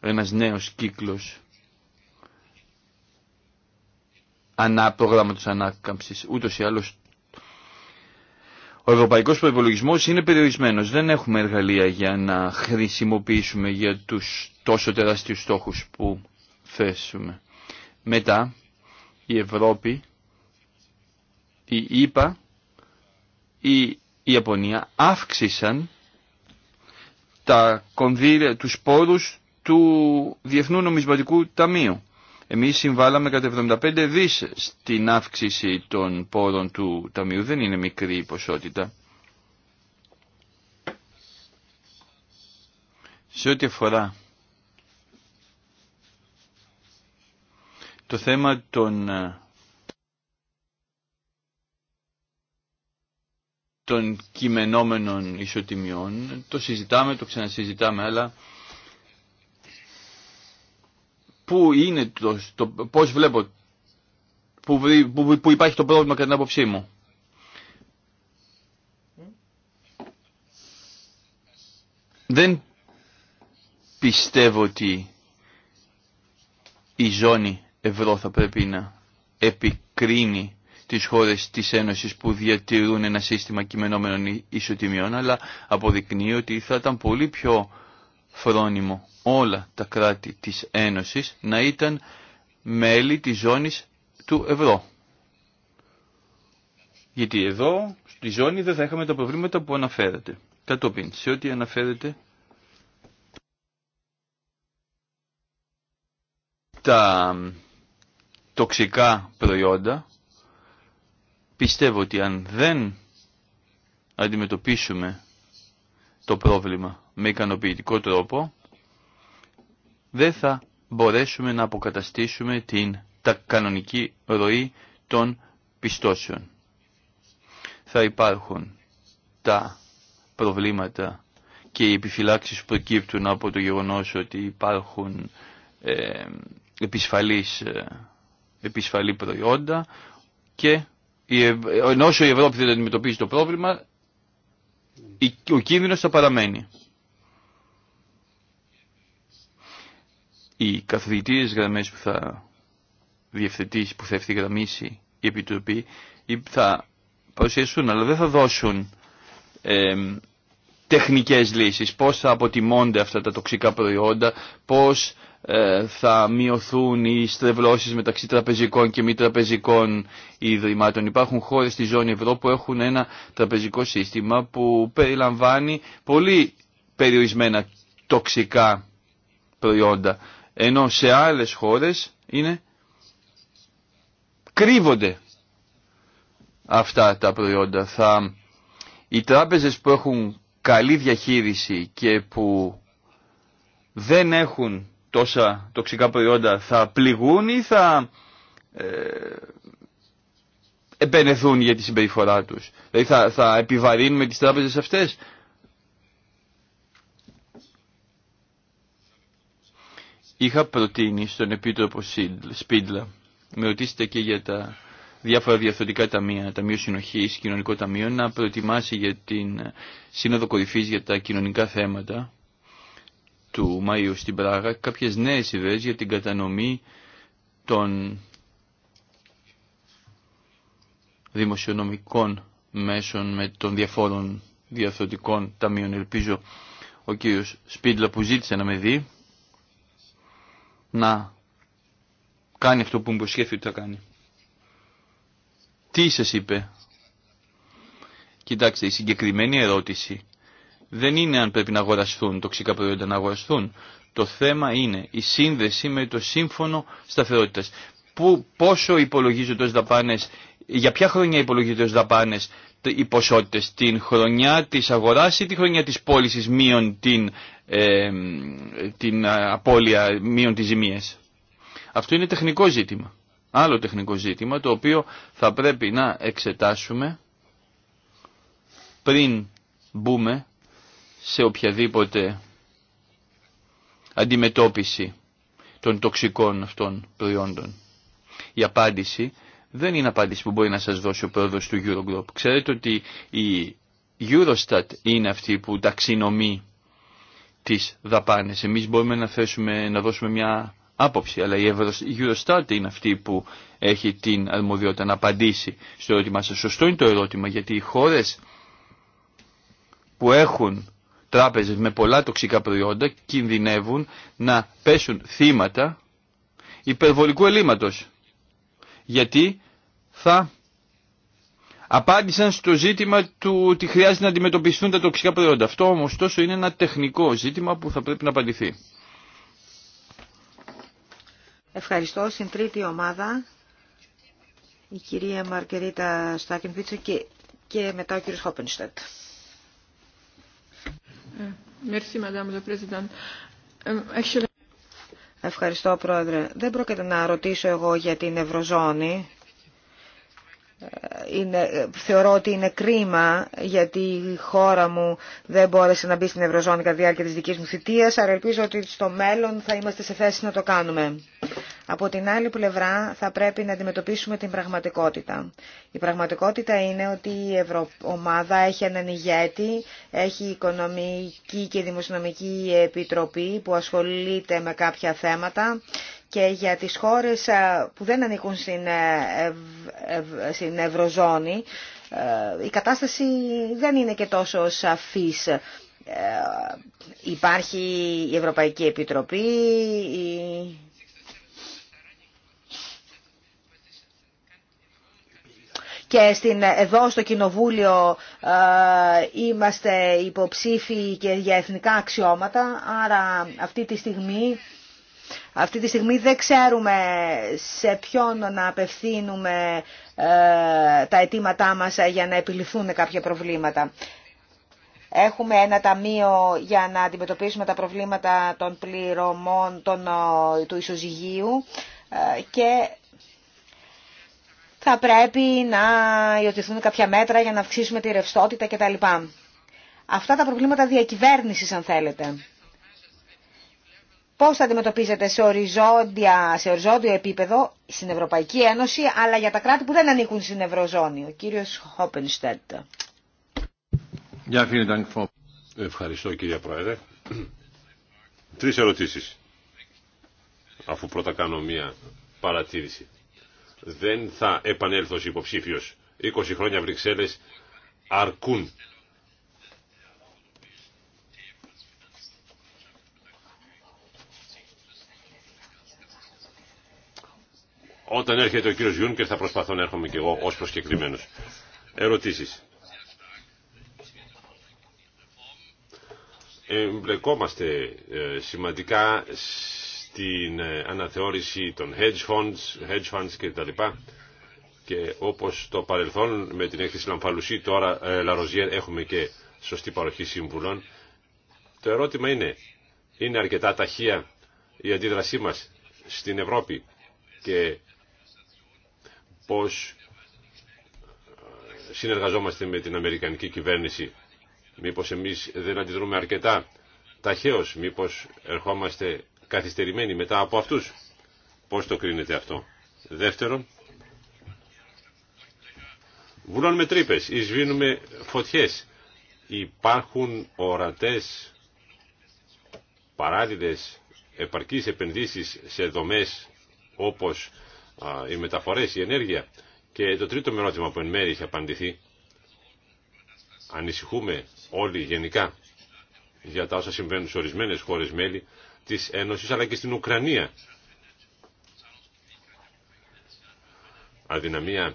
ένας νέος κύκλος ανά, προγράμματος ανάκαμψης. Ούτως ή άλλως ο Ευρωπαϊκό προϋπολογισμός είναι περιορισμένο, Δεν έχουμε εργαλεία για να χρησιμοποιήσουμε για του τόσο τεράστιου στόχους που θέσουμε. Μετά η Ευρώπη, η ΕΠΑ, η Ιαπωνία αύξησαν τα κονδύλια, τους πόρους του Διεθνού Νομισματικού Ταμείου. Εμείς συμβάλαμε κατά 75 δις στην αύξηση των πόρων του Ταμείου. Δεν είναι μικρή η ποσότητα. Σε ό,τι αφορά το θέμα των, των κειμενόμενων ισοτιμιών, το συζητάμε, το ξανασυζητάμε, αλλά πού είναι το, το πώς βλέπω, που, που, υπάρχει το πρόβλημα κατά την άποψή μου. Δεν πιστεύω ότι η ζώνη ευρώ θα πρέπει να επικρίνει τις χώρες της Ένωσης που διατηρούν ένα σύστημα κειμενόμενων ισοτιμιών, αλλά αποδεικνύει ότι θα ήταν πολύ πιο φρόνιμο όλα τα κράτη της Ένωσης να ήταν μέλη της ζώνης του ευρώ. Γιατί εδώ, στη ζώνη, δεν θα είχαμε τα προβλήματα που αναφέρατε. Κατόπιν, σε ό,τι αναφέρεται τα τοξικά προϊόντα, πιστεύω ότι αν δεν αντιμετωπίσουμε το πρόβλημα με ικανοποιητικό τρόπο, δεν θα μπορέσουμε να αποκαταστήσουμε την τα κανονική ροή των πιστώσεων. Θα υπάρχουν τα προβλήματα και οι επιφυλάξεις που προκύπτουν από το γεγονός ότι υπάρχουν ε, επισφαλής, ε, επισφαλή προϊόντα και η, ενώ η Ευρώπη δεν αντιμετωπίζει το πρόβλημα, ο κίνδυνος θα παραμένει. οι καθοδητήριες γραμμές που θα διευθετήσει, που θα ευθυγραμμίσει η Επιτροπή θα παρουσιαστούν αλλά δεν θα δώσουν τεχνικές λύσεις, πώς θα αποτιμώνται αυτά τα τοξικά προϊόντα, πώς ε, θα μειωθούν οι στρεβλώσεις μεταξύ τραπεζικών και μη τραπεζικών ιδρυμάτων. Υπάρχουν χώρες στη ζώνη ευρώ που έχουν ένα τραπεζικό σύστημα που περιλαμβάνει πολύ περιορισμένα τοξικά προϊόντα ενώ σε άλλες χώρες είναι κρύβονται αυτά τα προϊόντα. Θα, οι τράπεζες που έχουν καλή διαχείριση και που δεν έχουν τόσα τοξικά προϊόντα θα πληγούν ή θα ε, επενεθούν για τη συμπεριφορά τους. Δηλαδή θα, θα επιβαρύνουμε τις τράπεζες αυτές είχα προτείνει στον Επίτροπο Σπίτλα, με ρωτήσετε και για τα διάφορα διαφορετικά ταμεία, ταμείο συνοχής, κοινωνικό ταμείο, να προετοιμάσει για την Σύνοδο Κορυφή για τα κοινωνικά θέματα του Μαΐου στην Πράγα κάποιες νέες ιδέες για την κατανομή των δημοσιονομικών μέσων με των διαφόρων διαφορετικών ταμείων. Ελπίζω ο κύριος Σπίτλα που ζήτησε να με δει να κάνει αυτό που μου υποσχέθηκε ότι θα κάνει. Τι σα είπε. Κοιτάξτε, η συγκεκριμένη ερώτηση δεν είναι αν πρέπει να αγοραστούν τοξικά προϊόντα να αγοραστούν. Το θέμα είναι η σύνδεση με το σύμφωνο σταθερότητας. Που, πόσο υπολογίζονται ως δαπάνες για ποια χρονιά υπολογίζεται ως δαπάνες οι ποσότητες, την χρονιά της αγοράς ή τη χρονιά της πώλησης μείον την, ε, την απώλεια, τις ζημίες. Αυτό είναι τεχνικό ζήτημα. Άλλο τεχνικό ζήτημα το οποίο θα πρέπει να εξετάσουμε πριν μπούμε σε οποιαδήποτε αντιμετώπιση των τοξικών αυτών προϊόντων. Η απάντηση δεν είναι απάντηση που μπορεί να σας δώσει ο πρόεδρος του Eurogroup. Ξέρετε ότι η Eurostat είναι αυτή που ταξινομεί τις δαπάνες. Εμείς μπορούμε να, θέσουμε, να δώσουμε μια άποψη, αλλά η Eurostat είναι αυτή που έχει την αρμοδιότητα να απαντήσει στο ερώτημά σας. Σωστό είναι το ερώτημα, γιατί οι χώρες που έχουν τράπεζες με πολλά τοξικά προϊόντα κινδυνεύουν να πέσουν θύματα υπερβολικού ελλείμματος γιατί θα απάντησαν στο ζήτημα του ότι χρειάζεται να αντιμετωπιστούν τα τοξικά προϊόντα. Αυτό όμως τόσο είναι ένα τεχνικό ζήτημα που θα πρέπει να απαντηθεί. Ευχαριστώ. Στην τρίτη ομάδα η κυρία Μαρκερίτα Στάκενβίτσα και, και μετά ο κύριος Χόπενστατ. Ε, merci, Madame la Ευχαριστώ, Πρόεδρε. Δεν πρόκειται να ρωτήσω εγώ για την Ευρωζώνη. Ε, είναι, ε, θεωρώ ότι είναι κρίμα γιατί η χώρα μου δεν μπόρεσε να μπει στην Ευρωζώνη κατά τη διάρκεια της δικής μου θητείας, αλλά ελπίζω ότι στο μέλλον θα είμαστε σε θέση να το κάνουμε. Από την άλλη πλευρά θα πρέπει να αντιμετωπίσουμε την πραγματικότητα. Η πραγματικότητα είναι ότι η Ευρωομάδα έχει έναν ηγέτη, έχει οικονομική και δημοσιονομική επιτροπή που ασχολείται με κάποια θέματα και για τις χώρες ε, που δεν ανήκουν στην, ε, Ευρωζώνη ε, η κατάσταση δεν είναι και τόσο σαφής. Υπάρχει η Ευρωπαϊκή Επιτροπή, και στην, εδώ στο Κοινοβούλιο ε, είμαστε υποψήφοι και για εθνικά αξιώματα, άρα αυτή τη στιγμή... Αυτή τη στιγμή δεν ξέρουμε σε ποιον να απευθύνουμε ε, τα αιτήματά μας για να επιληθούν κάποια προβλήματα. Έχουμε ένα ταμείο για να αντιμετωπίσουμε τα προβλήματα των πληρωμών των, ε, του ισοζυγίου και θα πρέπει να υιοθετηθούν κάποια μέτρα για να αυξήσουμε τη ρευστότητα κτλ. Αυτά τα προβλήματα διακυβέρνησης αν θέλετε. Πώς θα αντιμετωπίζετε σε, οριζόντια, σε οριζόντιο επίπεδο στην Ευρωπαϊκή Ένωση, αλλά για τα κράτη που δεν ανήκουν στην Ευρωζώνη. Ο κύριος Χόπενστέτ. Ευχαριστώ κύριε Πρόεδρε. Τρεις ερωτήσεις, αφού πρώτα κάνω μία παρατήρηση δεν θα επανέλθω ως υποψήφιος. 20 χρόνια Βρυξέλλες αρκούν. Όταν έρχεται ο κύριος Γιούνκερ θα προσπαθώ να έρχομαι και εγώ ως προσκεκριμένος. Ερωτήσεις. Εμπλεκόμαστε ε, σημαντικά στην ε, αναθεώρηση των hedge funds, hedge funds λοιπά Και όπως το παρελθόν με την έκθεση Λαμφαλουσί, τώρα ε, έχουμε και σωστή παροχή συμβουλών. Το ερώτημα είναι, είναι αρκετά ταχεία η αντίδρασή μας στην Ευρώπη και πώς ε, συνεργαζόμαστε με την Αμερικανική κυβέρνηση. Μήπως εμείς δεν αντιδρούμε αρκετά ταχαίως, μήπως ερχόμαστε καθυστερημένοι μετά από αυτούς. Πώς το κρίνετε αυτό. Δεύτερον, βουλώνουμε τρύπες ή σβήνουμε φωτιές. Υπάρχουν ορατές παράλληλες επαρκείς επενδύσεις σε δομές όπως οι μεταφορές, η ενέργεια. Και το τρίτο ερώτημα που εν μέρει έχει απαντηθεί, ανησυχούμε όλοι γενικά για τα όσα συμβαίνουν σε ορισμένες χώρες μέλη της Ένωσης αλλά και στην Ουκρανία. Αδυναμία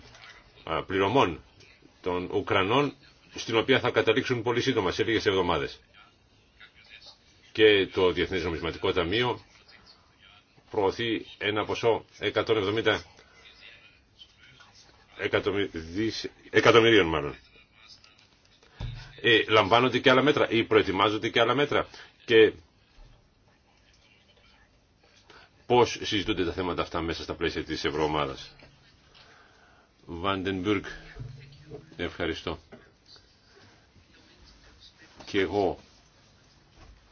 πληρωμών των Ουκρανών στην οποία θα καταλήξουν πολύ σύντομα σε λίγες εβδομάδες. Και το Διεθνές Νομισματικό Ταμείο προωθεί ένα ποσό 170 εκατομμυρίων μάλλον. Ε, λαμβάνονται και άλλα μέτρα ή προετοιμάζονται και άλλα μέτρα. Και πώς συζητούνται τα θέματα αυτά μέσα στα πλαίσια της Ευρωομάδας. Βαντενμπουργκ, ευχαριστώ. Και εγώ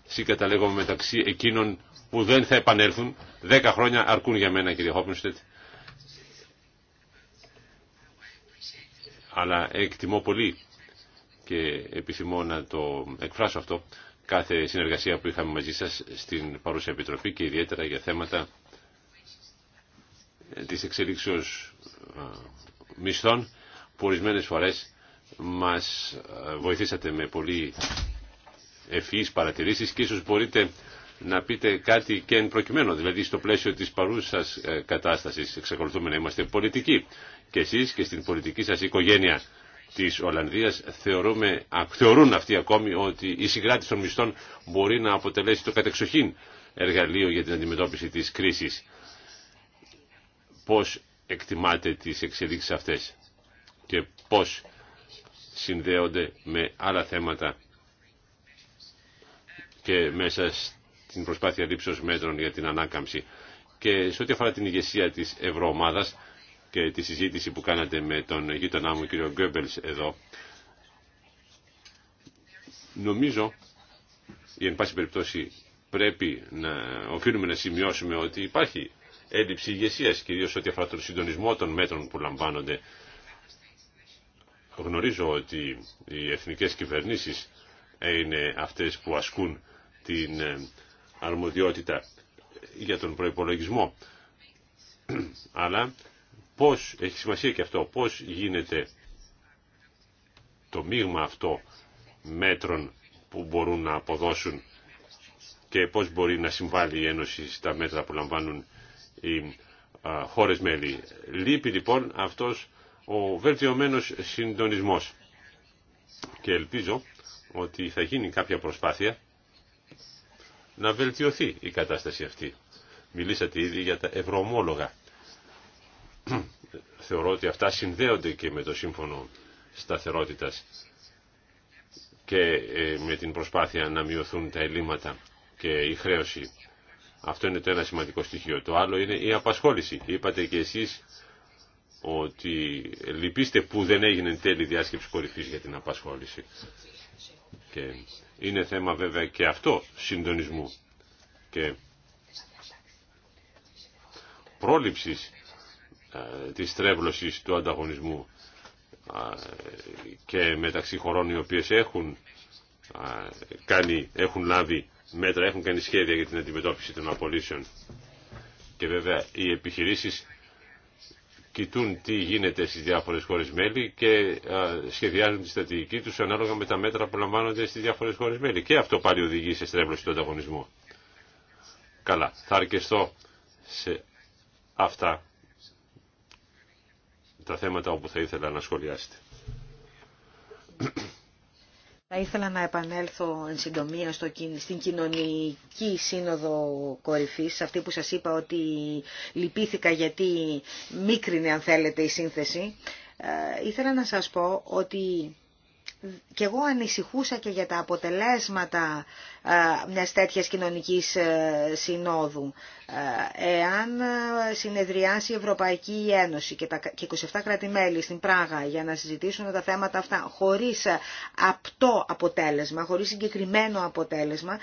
συγκαταλέγομαι μεταξύ εκείνων που δεν θα επανέλθουν. Δέκα χρόνια αρκούν για μένα κύριε Χόπινστετ. Αλλά εκτιμώ πολύ και επιθυμώ να το εκφράσω αυτό κάθε συνεργασία που είχαμε μαζί σας στην παρούσα Επιτροπή και ιδιαίτερα για θέματα ε, της εξελίξεως ε, μισθών που ορισμένες φορές μας ε, βοηθήσατε με πολύ ευφυείς παρατηρήσεις και ίσως μπορείτε να πείτε κάτι και εν προκειμένου, δηλαδή στο πλαίσιο της παρούσας κατάστασης εξακολουθούμε να είμαστε πολιτικοί και εσείς και στην πολιτική σας οικογένεια της Ολλανδίας θεωρούμε, θεωρούν αυτοί ακόμη ότι η συγκράτηση των μισθών μπορεί να αποτελέσει το κατεξοχήν εργαλείο για την αντιμετώπιση της κρίσης. Πώς εκτιμάτε τις εξελίξεις αυτές και πώς συνδέονται με άλλα θέματα και μέσα στην προσπάθεια λήψεως μέτρων για την ανάκαμψη. Και σε ό,τι αφορά την ηγεσία της Ευρωομάδας, και τη συζήτηση που κάνατε με τον γείτονά μου κύριο Γκέμπελς εδώ. Νομίζω, ή εν πάση περιπτώσει πρέπει να οφείλουμε να σημειώσουμε ότι υπάρχει έλλειψη ηγεσία, κυρίω ό,τι αφορά τον συντονισμό των μέτρων που λαμβάνονται. Γνωρίζω ότι οι εθνικέ κυβερνήσει είναι αυτέ που ασκούν την ε, αρμοδιότητα για τον προπολογισμό. Αλλά πώς, έχει σημασία και αυτό, πώς γίνεται το μείγμα αυτό μέτρων που μπορούν να αποδώσουν και πώς μπορεί να συμβάλλει η Ένωση στα μέτρα που λαμβάνουν οι χώρες μέλη. Λείπει λοιπόν αυτός ο βελτιωμένος συντονισμός και ελπίζω ότι θα γίνει κάποια προσπάθεια να βελτιωθεί η κατάσταση αυτή. Μιλήσατε ήδη για τα ευρωομόλογα θεωρώ ότι αυτά συνδέονται και με το Σύμφωνο Σταθερότητας και ε, με την προσπάθεια να μειωθούν τα ελλείμματα και η χρέωση. Αυτό είναι το ένα σημαντικό στοιχείο. Το άλλο είναι η απασχόληση. Είπατε και εσείς ότι λυπήστε που δεν έγινε τέλη διάσκεψη κορυφής για την απασχόληση. Και είναι θέμα βέβαια και αυτό συντονισμού και πρόληψης ε, της τρέβλωσης του ανταγωνισμού ε, και μεταξύ χωρών οι οποίες έχουν, ε, κάνει, έχουν λάβει μέτρα, έχουν κάνει σχέδια για την αντιμετώπιση των απολύσεων. Και βέβαια οι επιχειρήσεις κοιτούν τι γίνεται στις διάφορες χώρες μέλη και σχεδιάζουν τη στρατηγική τους ανάλογα με τα μέτρα που λαμβάνονται στις διάφορες χώρες μέλη. Και αυτό πάλι οδηγεί σε στρέβλωση του ανταγωνισμού. Καλά, θα αρκεστώ σε αυτά τα θέματα όπου θα ήθελα να σχολιάσετε. Θα ήθελα να επανέλθω εν συντομία στην κοινωνική σύνοδο κορυφής, αυτή που σας είπα ότι λυπήθηκα γιατί μίκρινε αν θέλετε η σύνθεση. Ε, ήθελα να σας πω ότι και εγώ ανησυχούσα και για τα αποτελέσματα ε, μιας τέτοιας κοινωνικής ε, συνόδου. Ε, εάν συνεδριάσει η Ευρωπαϊκή Ένωση και τα 27 κράτη-μέλη στην Πράγα για να συζητήσουν τα θέματα αυτά χωρίς απτό αποτέλεσμα, χωρίς συγκεκριμένο αποτέλεσμα,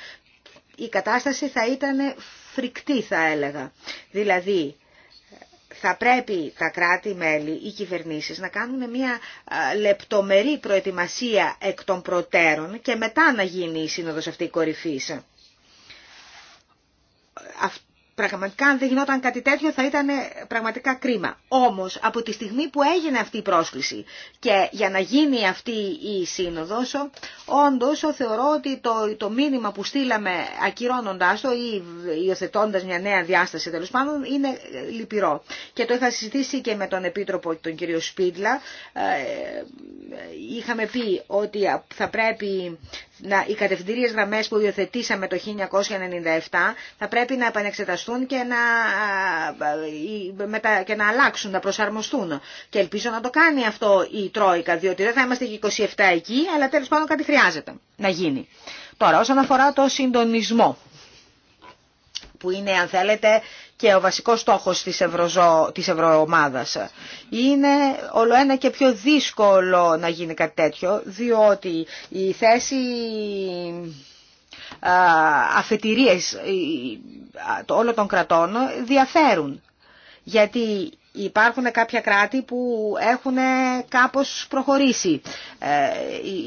η κατάσταση θα ήταν φρικτή θα έλεγα. Δηλαδή θα πρέπει τα κράτη-μέλη, οι κυβερνήσεις να κάνουν μια λεπτομερή προετοιμασία εκ των προτέρων και μετά να γίνει η σύνοδος αυτή κορυφής. Πραγματικά αν δεν γινόταν κάτι τέτοιο θα ήταν ε, πραγματικά κρίμα. Όμως από τη στιγμή που έγινε αυτή η πρόσκληση και για να γίνει αυτή η σύνοδος, όντως θεωρώ ότι το, το μήνυμα που στείλαμε ακυρώνοντάς το ή υιοθετώντα μια νέα διάσταση τέλο πάντων είναι ε, λυπηρό. Και το είχα συζητήσει και με τον Επίτροπο τον κύριο Σπίτλα. Ε, είχαμε πει ότι θα πρέπει να, οι κατευθυντήριες γραμμές που υιοθετήσαμε το 1997 θα πρέπει να επανεξεταστούν και να, και να αλλάξουν, να προσαρμοστούν. Και ελπίζω να το κάνει αυτό η Τρόικα, διότι δεν θα είμαστε και 27 εκεί, αλλά τέλος πάντων κάτι χρειάζεται να γίνει. Τώρα, όσον αφορά το συντονισμό, που είναι, αν θέλετε, και ο βασικός στόχος της, Ευρωζώ, της Ευρωομάδας. Είναι όλο ένα και πιο δύσκολο να γίνει κάτι τέτοιο, διότι η θέση αφετηρίες όλων των κρατών διαφέρουν. Γιατί Υπάρχουν κάποια κράτη που έχουν ε, κάπως προχωρήσει. Ε,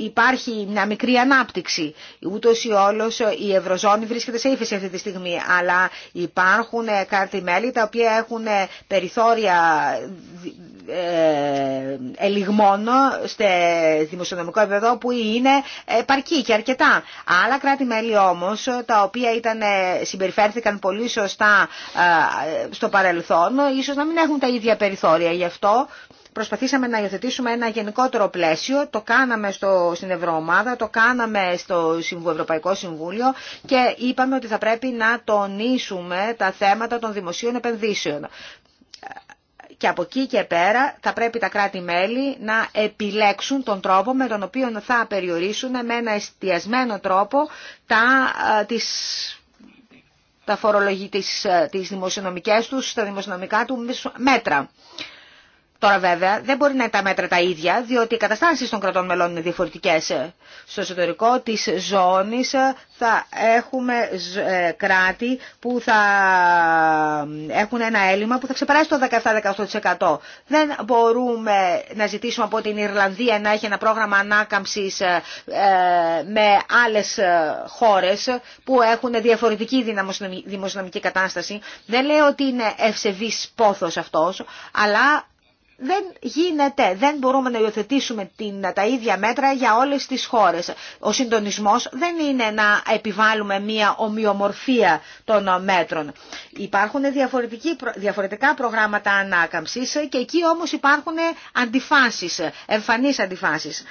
υπάρχει μια μικρή ανάπτυξη. Ούτως ή όλως ε, η Ευρωζώνη βρίσκεται σε ύφεση αυτή τη στιγμή. Αλλά κάτι κράτη-μέλη τα οποία έχουν περιθώρια ε, ελιγμόνο στο δημοσιονομικό επίπεδο που είναι επαρκή και αρκετά. Άλλα κράτη-μέλη όμως, τα οποία ήταν, ε, συμπεριφέρθηκαν πολύ σωστά ε, στο παρελθόν, ίσως να μην έχουν τα ίδια περιθώρια. Γι' αυτό προσπαθήσαμε να υιοθετήσουμε ένα γενικότερο πλαίσιο, το κάναμε στο, στην Ευρωομάδα, το κάναμε στο Ευρωπαϊκό Συμβούλιο και είπαμε ότι θα πρέπει να τονίσουμε τα θέματα των δημοσίων επενδύσεων και από εκεί και πέρα θα πρέπει τα κράτη-μέλη να επιλέξουν τον τρόπο με τον οποίο θα περιορίσουν με ένα εστιασμένο τρόπο τα, ε, τις τα φορολογή, ε, τις, δημοσιονομικές τους, τα δημοσιονομικά του μέτρα. Τώρα βέβαια δεν μπορεί να είναι τα μέτρα τα ίδια, διότι οι καταστάσεις των κρατών μελών είναι διαφορετικέ Στο εσωτερικό τη ζώνη θα έχουμε ε, κράτη που θα ε, έχουν ένα έλλειμμα που θα ξεπεράσει το 17-18%. Δεν μπορούμε να ζητήσουμε από την Ιρλανδία να έχει ένα πρόγραμμα ανάκαμψης ε, με άλλες χώρες που έχουν διαφορετική δημοσιονομική κατάσταση. Δεν λέω ότι είναι ευσεβή πόθο αυτό, αλλά δεν γίνεται, δεν μπορούμε να υιοθετήσουμε την, τα ίδια μέτρα για όλες τις χώρες. Ο συντονισμός δεν είναι να επιβάλλουμε μία ομοιομορφία των μέτρων. Υπάρχουν διαφορετικά προγράμματα ανάκαμψης και εκεί όμως υπάρχουν αντιφάσεις, εμφανείς αντιφάσεις.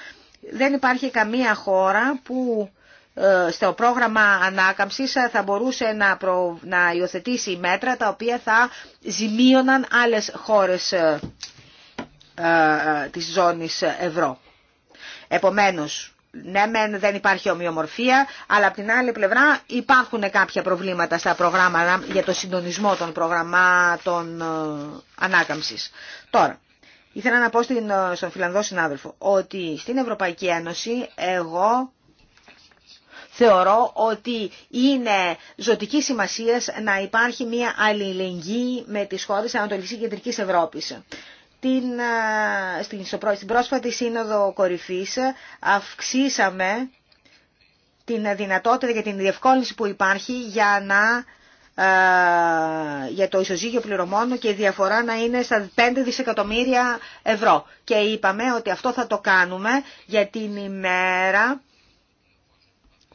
Δεν υπάρχει καμία χώρα που ε, στο πρόγραμμα ανάκαμψης θα μπορούσε να, να υιοθετήσει μέτρα τα οποία θα ζημίωναν άλλες χώρες ε, ε, της ζώνης ευρώ. Επομένως, ναι, δεν υπάρχει ομοιομορφία, αλλά από την άλλη πλευρά υπάρχουν κάποια προβλήματα στα προγράμματα για το συντονισμό των προγραμμάτων ε, ανάκαμψης. Τώρα, ήθελα να πω στην, στον Φιλανδό συνάδελφο ότι στην Ευρωπαϊκή Ένωση εγώ θεωρώ ότι είναι ζωτική σημασία να υπάρχει μια αλληλεγγύη με τις χώρες Ανατολικής και Κεντρικής Ευρώπης την, στην, στην πρόσφατη σύνοδο κορυφής αυξήσαμε την δυνατότητα και την διευκόλυνση που υπάρχει για να για το ισοζύγιο πληρωμών και η διαφορά να είναι στα 5 δισεκατομμύρια ευρώ. Και είπαμε ότι αυτό θα το κάνουμε για την ημέρα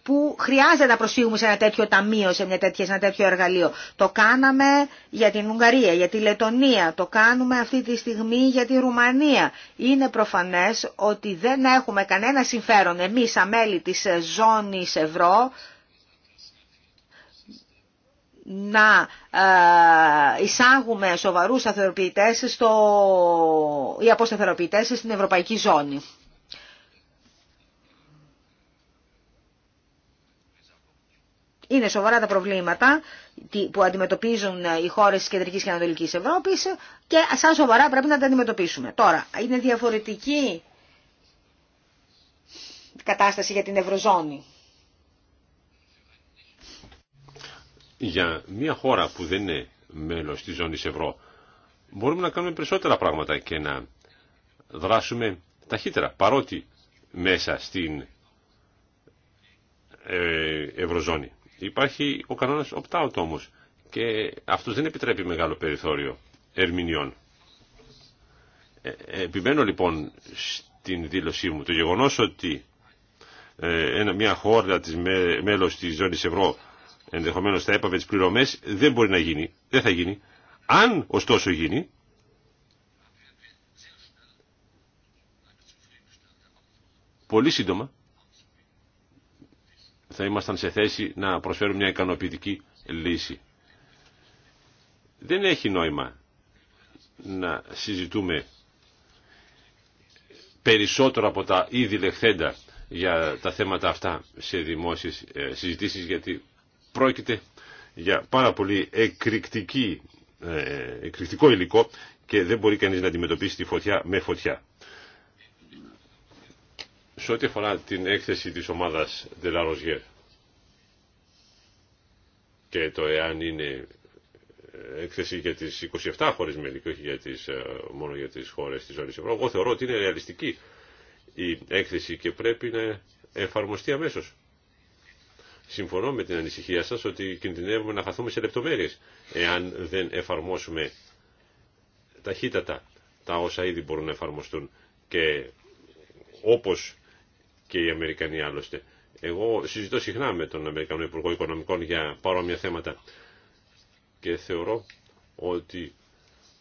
που χρειάζεται να προσφύγουμε σε ένα τέτοιο ταμείο, σε, μια σε ένα τέτοιο εργαλείο. Το κάναμε για την Ουγγαρία, για τη Λετωνία, το κάνουμε αυτή τη στιγμή για τη Ρουμανία. Είναι προφανές ότι δεν έχουμε κανένα συμφέρον εμείς αμέλη της ζώνης ευρώ να ε, εισάγουμε σοβαρούς σταθεροποιητές στο... ή αποσταθεροποιητές στην ευρωπαϊκή ζώνη. Είναι σοβαρά τα προβλήματα που αντιμετωπίζουν ε, οι χώρες της Κεντρικής και Ανατολικής Ευρώπης και σαν σοβαρά πρέπει να τα αντιμετωπίσουμε. Τώρα, είναι διαφορετική κατάσταση για την Ευρωζώνη. Για μια χώρα που δεν είναι μέλος της ζώνης ευρώ, μπορούμε να κάνουμε περισσότερα πράγματα και να δράσουμε ταχύτερα, παρότι μέσα στην ε, Ευρωζώνη. Υπάρχει ο κανόνας opt-out όμω. και αυτό δεν επιτρέπει μεγάλο περιθώριο ερμηνεών. Ε, ε, επιμένω λοιπόν στην δήλωσή μου το γεγονός ότι ε, μια χώρα της μέλο μέλος της ζώνης ευρώ ενδεχομένως θα έπαβε τι πληρωμές δεν μπορεί να γίνει, δεν θα γίνει. Αν ωστόσο γίνει πολύ σύντομα θα ήμασταν σε θέση να προσφέρουμε μια ικανοποιητική λύση. Δεν έχει νόημα να συζητούμε περισσότερο από τα ήδη λεχθέντα για τα θέματα αυτά σε δημόσιες ε, συζητήσεις γιατί πρόκειται για πάρα πολύ ε, εκρηκτικό υλικό και δεν μπορεί κανείς να αντιμετωπίσει τη φωτιά με φωτιά σε ό,τι αφορά την έκθεση της ομάδας De και το εάν είναι ε, έκθεση για τις 27 χώρες μέλη και όχι για τις, ε, μόνο για τις χώρες της όλης Ευρώπης. εγώ θεωρώ ότι είναι ρεαλιστική η έκθεση και πρέπει να εφαρμοστεί αμέσως. Συμφωνώ με την ανησυχία σας ότι κινδυνεύουμε να χαθούμε σε λεπτομέρειες εάν δεν εφαρμόσουμε ταχύτατα τα όσα ήδη μπορούν να εφαρμοστούν και όπως και οι Αμερικανοί άλλωστε. Εγώ συζητώ συχνά με τον Αμερικανό Υπουργό Οικονομικών για παρόμοια θέματα και θεωρώ ότι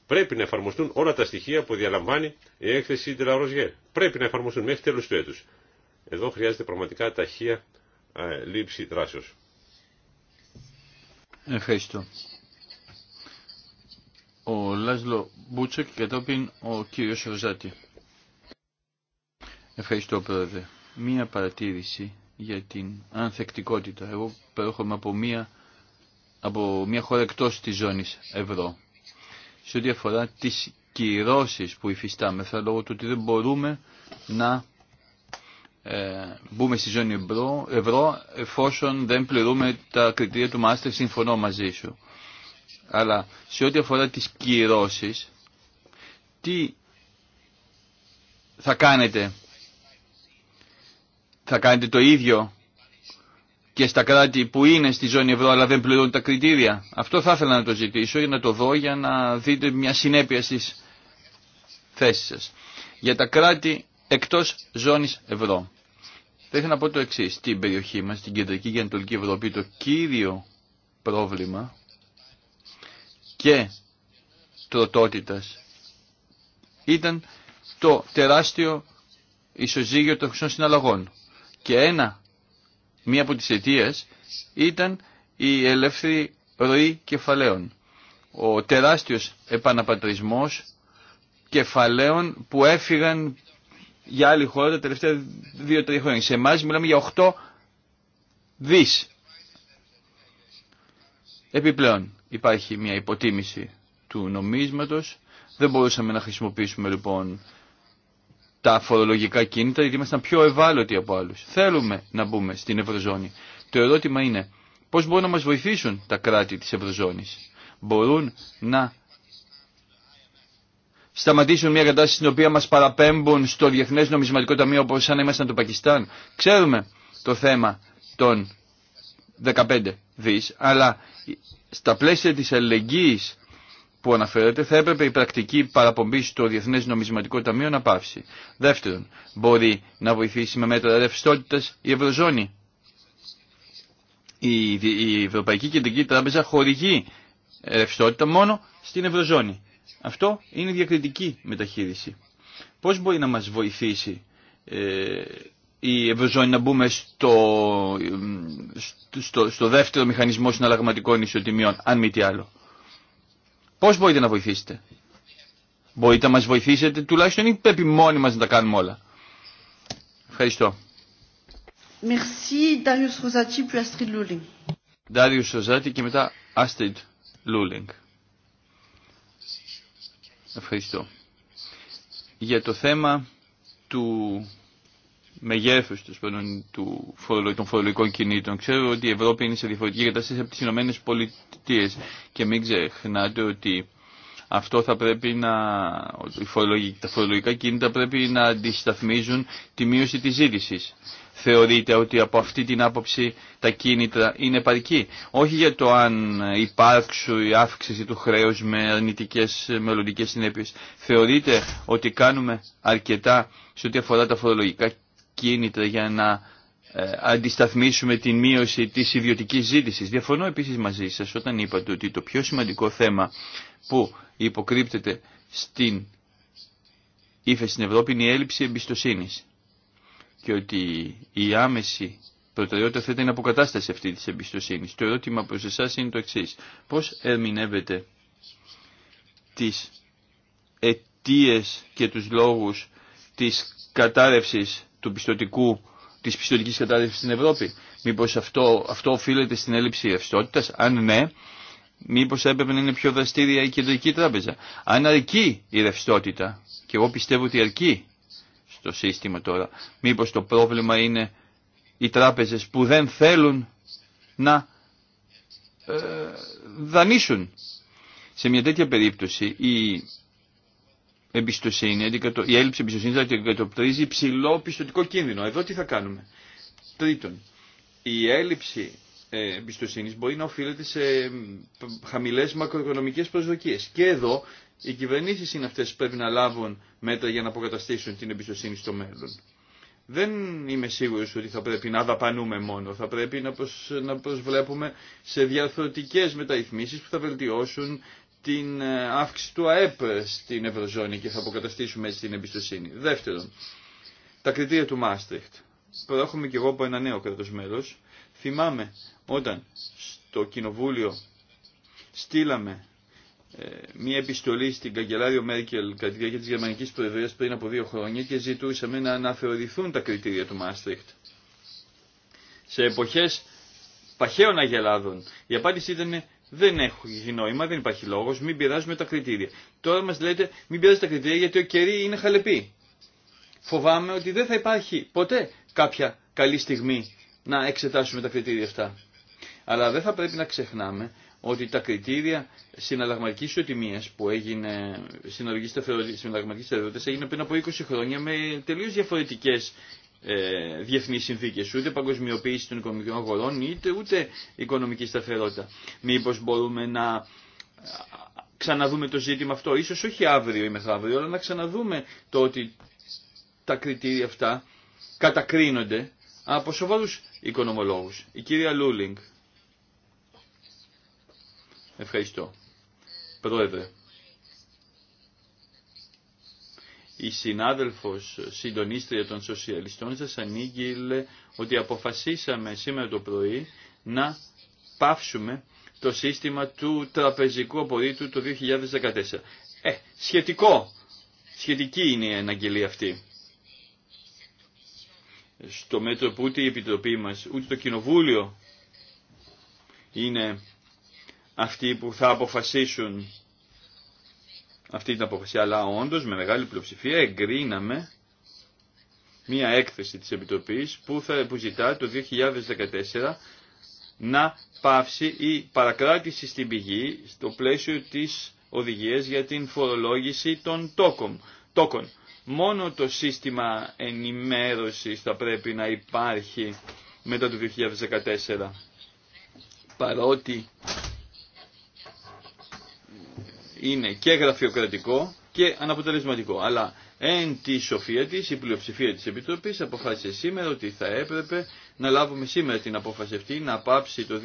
πρέπει να εφαρμοστούν όλα τα στοιχεία που διαλαμβάνει η έκθεση Τελαρόζιε. Πρέπει να εφαρμοστούν μέχρι τέλος του έτους. Εδώ χρειάζεται πραγματικά ταχεία ε, λήψη δράσεως. Ευχαριστώ. Ο Λάζλο Μπούτσεκ και κατόπιν ο κύριος Ροζάτη. Ευχαριστώ πρόεδρε μία παρατήρηση για την ανθεκτικότητα. Εγώ προέρχομαι από μία, από μία χώρα εκτός της ζώνης ευρώ. Σε ό,τι αφορά τις κυρώσεις που θα λόγω του ότι δεν μπορούμε να ε, μπούμε στη ζώνη ευρώ, ευρώ εφόσον δεν πληρούμε τα κριτήρια του Μάστερ, συμφωνώ μαζί σου. Αλλά σε ό,τι αφορά τις κυρώσεις, τι θα κάνετε θα κάνετε το ίδιο και στα κράτη που είναι στη ζώνη ευρώ αλλά δεν πληρώνουν τα κριτήρια. Αυτό θα ήθελα να το ζητήσω για να το δω για να δείτε μια συνέπεια στις θέσεις σας. Για τα κράτη εκτός ζώνης ευρώ. Θα ήθελα να πω το εξή. Στην περιοχή μας, στην κεντρική και ανατολική Ευρώπη, το κύριο πρόβλημα και τροτότητας ήταν το τεράστιο ισοζύγιο των χρυσών συναλλαγών και ένα, μία από τις αιτίε ήταν η ελεύθερη ροή κεφαλαίων. Ο τεράστιος επαναπατρισμός κεφαλαίων που έφυγαν για άλλη χώρα τα τελευταία δύο-τρία χρόνια. Σε εμά μιλάμε για 8 δις. Επιπλέον υπάρχει μια υποτίμηση του νομίσματος. Δεν μπορούσαμε να χρησιμοποιήσουμε λοιπόν τα φορολογικά κίνητα γιατί ήμασταν πιο ευάλωτοι από άλλους. Θέλουμε να μπούμε στην Ευρωζώνη. Το ερώτημα είναι πώς μπορούν να μας βοηθήσουν τα κράτη της Ευρωζώνης. Μπορούν να σταματήσουν μια κατάσταση στην οποία μας παραπέμπουν στο Διεθνές Νομισματικό Ταμείο όπως σαν ήμασταν το Πακιστάν. Ξέρουμε το θέμα των 15 δις, αλλά στα πλαίσια της αλληλεγγύης που αναφέρεται, θα έπρεπε η πρακτική παραπομπή στο Διεθνέ Νομισματικό Ταμείο να πάψει. Δεύτερον, μπορεί να βοηθήσει με μέτρα ρευστότητα η Ευρωζώνη. Η, η Ευρωπαϊκή Κεντρική Τράπεζα χορηγεί ρευστότητα μόνο στην Ευρωζώνη. Αυτό είναι διακριτική μεταχείριση. Πώς μπορεί να μας βοηθήσει ε, η Ευρωζώνη να μπούμε στο, ε, στο, στο δεύτερο μηχανισμό συναλλαγματικών ισοτιμιών, αν μη τι άλλο. Πώς μπορείτε να βοηθήσετε. Μπορείτε να μας βοηθήσετε τουλάχιστον ή πρέπει μόνοι μας να τα κάνουμε όλα. Ευχαριστώ. Merci, Darius Rosati, puis Astrid Luling. Darius Rosati και μετά Astrid Luling. Ευχαριστώ. Για το θέμα του μεγέθους του, των φορολογικών κινήτων. Ξέρω ότι η Ευρώπη είναι σε διαφορετική κατάσταση από τις Ηνωμένες Πολιτείες και μην ξεχνάτε ότι αυτό θα πρέπει να, τα φορολογικά κίνητα πρέπει να αντισταθμίζουν τη μείωση της ζήτησης. Θεωρείτε ότι από αυτή την άποψη τα κίνητρα είναι παρκή. Όχι για το αν υπάρξουν η αύξηση του χρέους με αρνητικές μελλοντικές συνέπειες. Θεωρείτε ότι κάνουμε αρκετά σε ό,τι αφορά τα φορολογικά κίνητρα για να ε, αντισταθμίσουμε την μείωση της ιδιωτική ζήτησης. Διαφωνώ επίσης μαζί σας όταν είπατε ότι το πιο σημαντικό θέμα που υποκρύπτεται στην ύφεση στην Ευρώπη είναι η έλλειψη εμπιστοσύνης και ότι η άμεση προτεραιότητα θα ήταν η αποκατάσταση αυτή της εμπιστοσύνης. Το ερώτημα προς εσάς είναι το εξής. Πώς ερμηνεύετε τις αιτίες και τους λόγους της κατάρρευσης του πιστοτικού της πιστοτικής κατάρρευσης στην Ευρώπη. Μήπως αυτό, αυτό οφείλεται στην έλλειψη ρευστότητας. Αν ναι, μήπως έπρεπε να είναι πιο δραστήρια η κεντρική τράπεζα. Αν αρκεί η ρευστότητα, και εγώ πιστεύω ότι αρκεί στο σύστημα τώρα, μήπως το πρόβλημα είναι οι τράπεζες που δεν θέλουν να ε, δανείσουν. Σε μια τέτοια περίπτωση η εμπιστοσύνη, η έλλειψη εμπιστοσύνη δηλαδή αντικατοπτρίζει ψηλό πιστοτικό κίνδυνο. Εδώ τι θα κάνουμε. Τρίτον, η έλλειψη ε, εμπιστοσύνη μπορεί να οφείλεται σε χαμηλέ μακροοικονομικέ προσδοκίε. Και εδώ οι κυβερνήσει είναι αυτέ που πρέπει να λάβουν μέτρα για να αποκαταστήσουν την εμπιστοσύνη στο μέλλον. Δεν είμαι σίγουρος ότι θα πρέπει να δαπανούμε μόνο. Θα πρέπει να, προσ... να προσβλέπουμε σε διαφορετικές μεταρρυθμίσεις που θα βελτιώσουν την ε, αύξηση του ΑΕΠ στην Ευρωζώνη και θα αποκαταστήσουμε έτσι την εμπιστοσύνη. Δεύτερον, τα κριτήρια του Μάστριχτ. Προέρχομαι και εγώ από ένα νέο κράτος μέλος. Θυμάμαι όταν στο Κοινοβούλιο στείλαμε ε, μία επιστολή στην καγκελάριο Μέρκελ κατά τη διάρκεια της Γερμανικής Προεδρίας πριν από δύο χρόνια και ζητούσαμε να αναθεωρηθούν τα κριτήρια του Μάστριχτ. Σε εποχές παχαίων αγελάδων η απάντηση ήταν δεν έχει νόημα, δεν υπάρχει λόγο, μην πειράζουμε τα κριτήρια. Τώρα μα λέτε μην πειράζετε τα κριτήρια γιατί ο κερί είναι χαλεπή. Φοβάμαι ότι δεν θα υπάρχει ποτέ κάποια καλή στιγμή να εξετάσουμε τα κριτήρια αυτά. Αλλά δεν θα πρέπει να ξεχνάμε ότι τα κριτήρια συναλλαγματική ισοτιμία που έγινε, συναλλαγματική έγινε πριν από 20 χρόνια με τελείω διαφορετικέ ε, διεθνείς συνθήκες, ούτε παγκοσμιοποίηση των οικονομικών αγορών, είτε ούτε οικονομική σταθερότητα. Μήπως μπορούμε να ξαναδούμε το ζήτημα αυτό, ίσως όχι αύριο ή μεθαύριο, αλλά να ξαναδούμε το ότι τα κριτήρια αυτά κατακρίνονται από σοβαρούς οικονομολόγους. Η κυρία Λούλινγκ. Ευχαριστώ. Πρόεδρε. η συνάδελφος συντονίστρια των σοσιαλιστών σας ανήγγειλε ότι αποφασίσαμε σήμερα το πρωί να πάυσουμε το σύστημα του τραπεζικού απορρίτου το 2014. Ε, σχετικό, σχετική είναι η αναγγελία αυτή. Στο μέτρο που ούτε η Επιτροπή μας, ούτε το Κοινοβούλιο είναι αυτοί που θα αποφασίσουν αυτή την αποφασία, αλλά όντω με μεγάλη πλειοψηφία εγκρίναμε μία έκθεση της Επιτροπής που, θα, που ζητά το 2014 να πάυσει η παρακράτηση στην πηγή στο πλαίσιο της οδηγίας για την φορολόγηση των τόκων. τόκων. Μόνο το σύστημα ενημέρωσης θα πρέπει να υπάρχει μετά το 2014. Παρότι είναι και γραφειοκρατικό και αναποτελεσματικό. Αλλά εν τη σοφία τη, η πλειοψηφία τη Επιτροπή αποφάσισε σήμερα ότι θα έπρεπε να λάβουμε σήμερα την απόφαση αυτή να πάψει το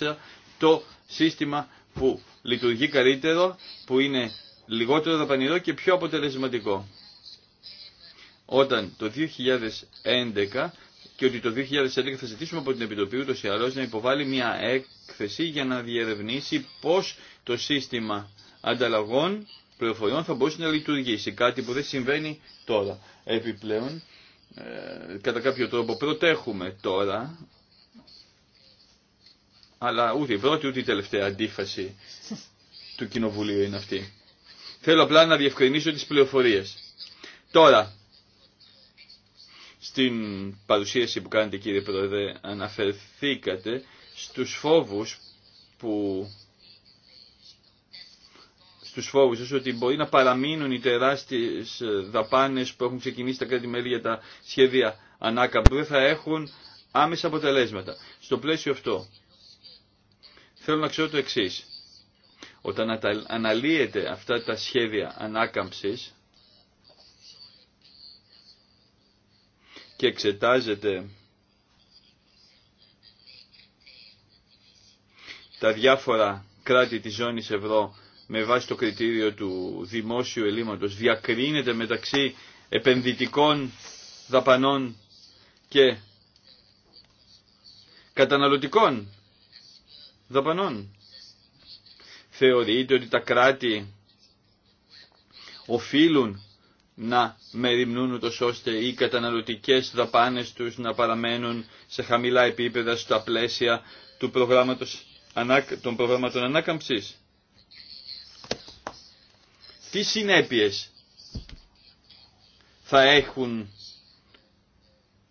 2014 το σύστημα που λειτουργεί καλύτερο, που είναι λιγότερο δαπανηρό και πιο αποτελεσματικό. Όταν το 2011 και ότι το 2011 θα ζητήσουμε από την Επιτροπή ούτω ή να υποβάλει μια έκθεση για να διερευνήσει πώς το σύστημα ανταλλαγών πληροφοριών θα μπορούσε να λειτουργήσει. Κάτι που δεν συμβαίνει τώρα. Επιπλέον, ε, κατά κάποιο τρόπο προτέχουμε τώρα, αλλά ούτε η πρώτη ούτε η τελευταία αντίφαση του Κοινοβουλίου είναι αυτή. Θέλω απλά να διευκρινίσω τις πληροφορίες. Τώρα, στην παρουσίαση που κάνετε κύριε Πρόεδρε αναφερθήκατε στους φόβους που στους φόβους ότι μπορεί να παραμείνουν οι τεράστιες δαπάνες που έχουν ξεκινήσει τα κράτη-μέλη για τα σχέδια ανάκαμψης, δεν θα έχουν άμεσα αποτελέσματα. Στο πλαίσιο αυτό θέλω να ξέρω το εξή: Όταν αναλύεται αυτά τα σχέδια ανάκαμψης και εξετάζεται τα διάφορα κράτη της ζώνης ευρώ με βάση το κριτήριο του δημόσιου ελλείμματος διακρίνεται μεταξύ επενδυτικών δαπανών και καταναλωτικών δαπανών. Θεωρείται ότι τα κράτη οφείλουν να μεριμνούν ούτως ώστε οι καταναλωτικές δαπάνες τους να παραμένουν σε χαμηλά επίπεδα στα πλαίσια του προγράμματος, των προγράμματων ανάκαμψης τι συνέπειες θα έχουν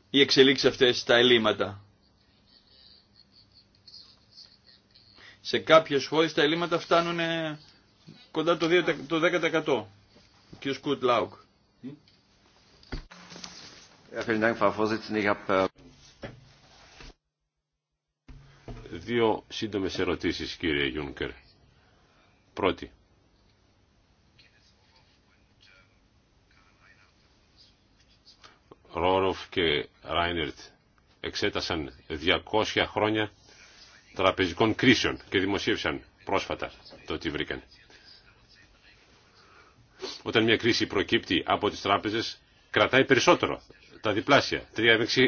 οι εξελίξεις αυτές στα ελλείμματα. Σε κάποιες χώρες τα ελλείμματα φτάνουν κοντά το 10%. Ο κ. Σκουτ Λάουκ. Äh, δύο σύντομες ερωτήσεις κύριε Γιούνκερ. Πρώτη. Ρόροφ και Ράινερτ εξέτασαν 200 χρόνια τραπεζικών κρίσεων και δημοσίευσαν πρόσφατα το τι βρήκαν. Όταν μια κρίση προκύπτει από τις τράπεζες, κρατάει περισσότερο, τα διπλάσια, 3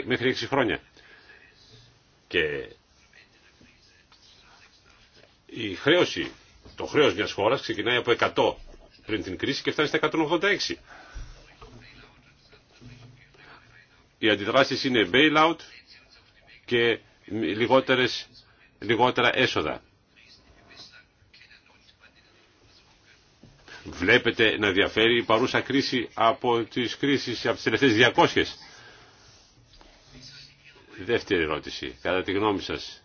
μέχρι 6 χρόνια. Και η χρέωση, το χρέος μιας χώρας ξεκινάει από 100 πριν την κρίση και φτάνει στα 186. Οι αντιδράσεις είναι bailout και λιγότερες, λιγότερα έσοδα. Βλέπετε να διαφέρει η παρούσα κρίση από τις κρίσεις από τις τελευταίες 200. Δεύτερη ερώτηση, κατά τη γνώμη σας,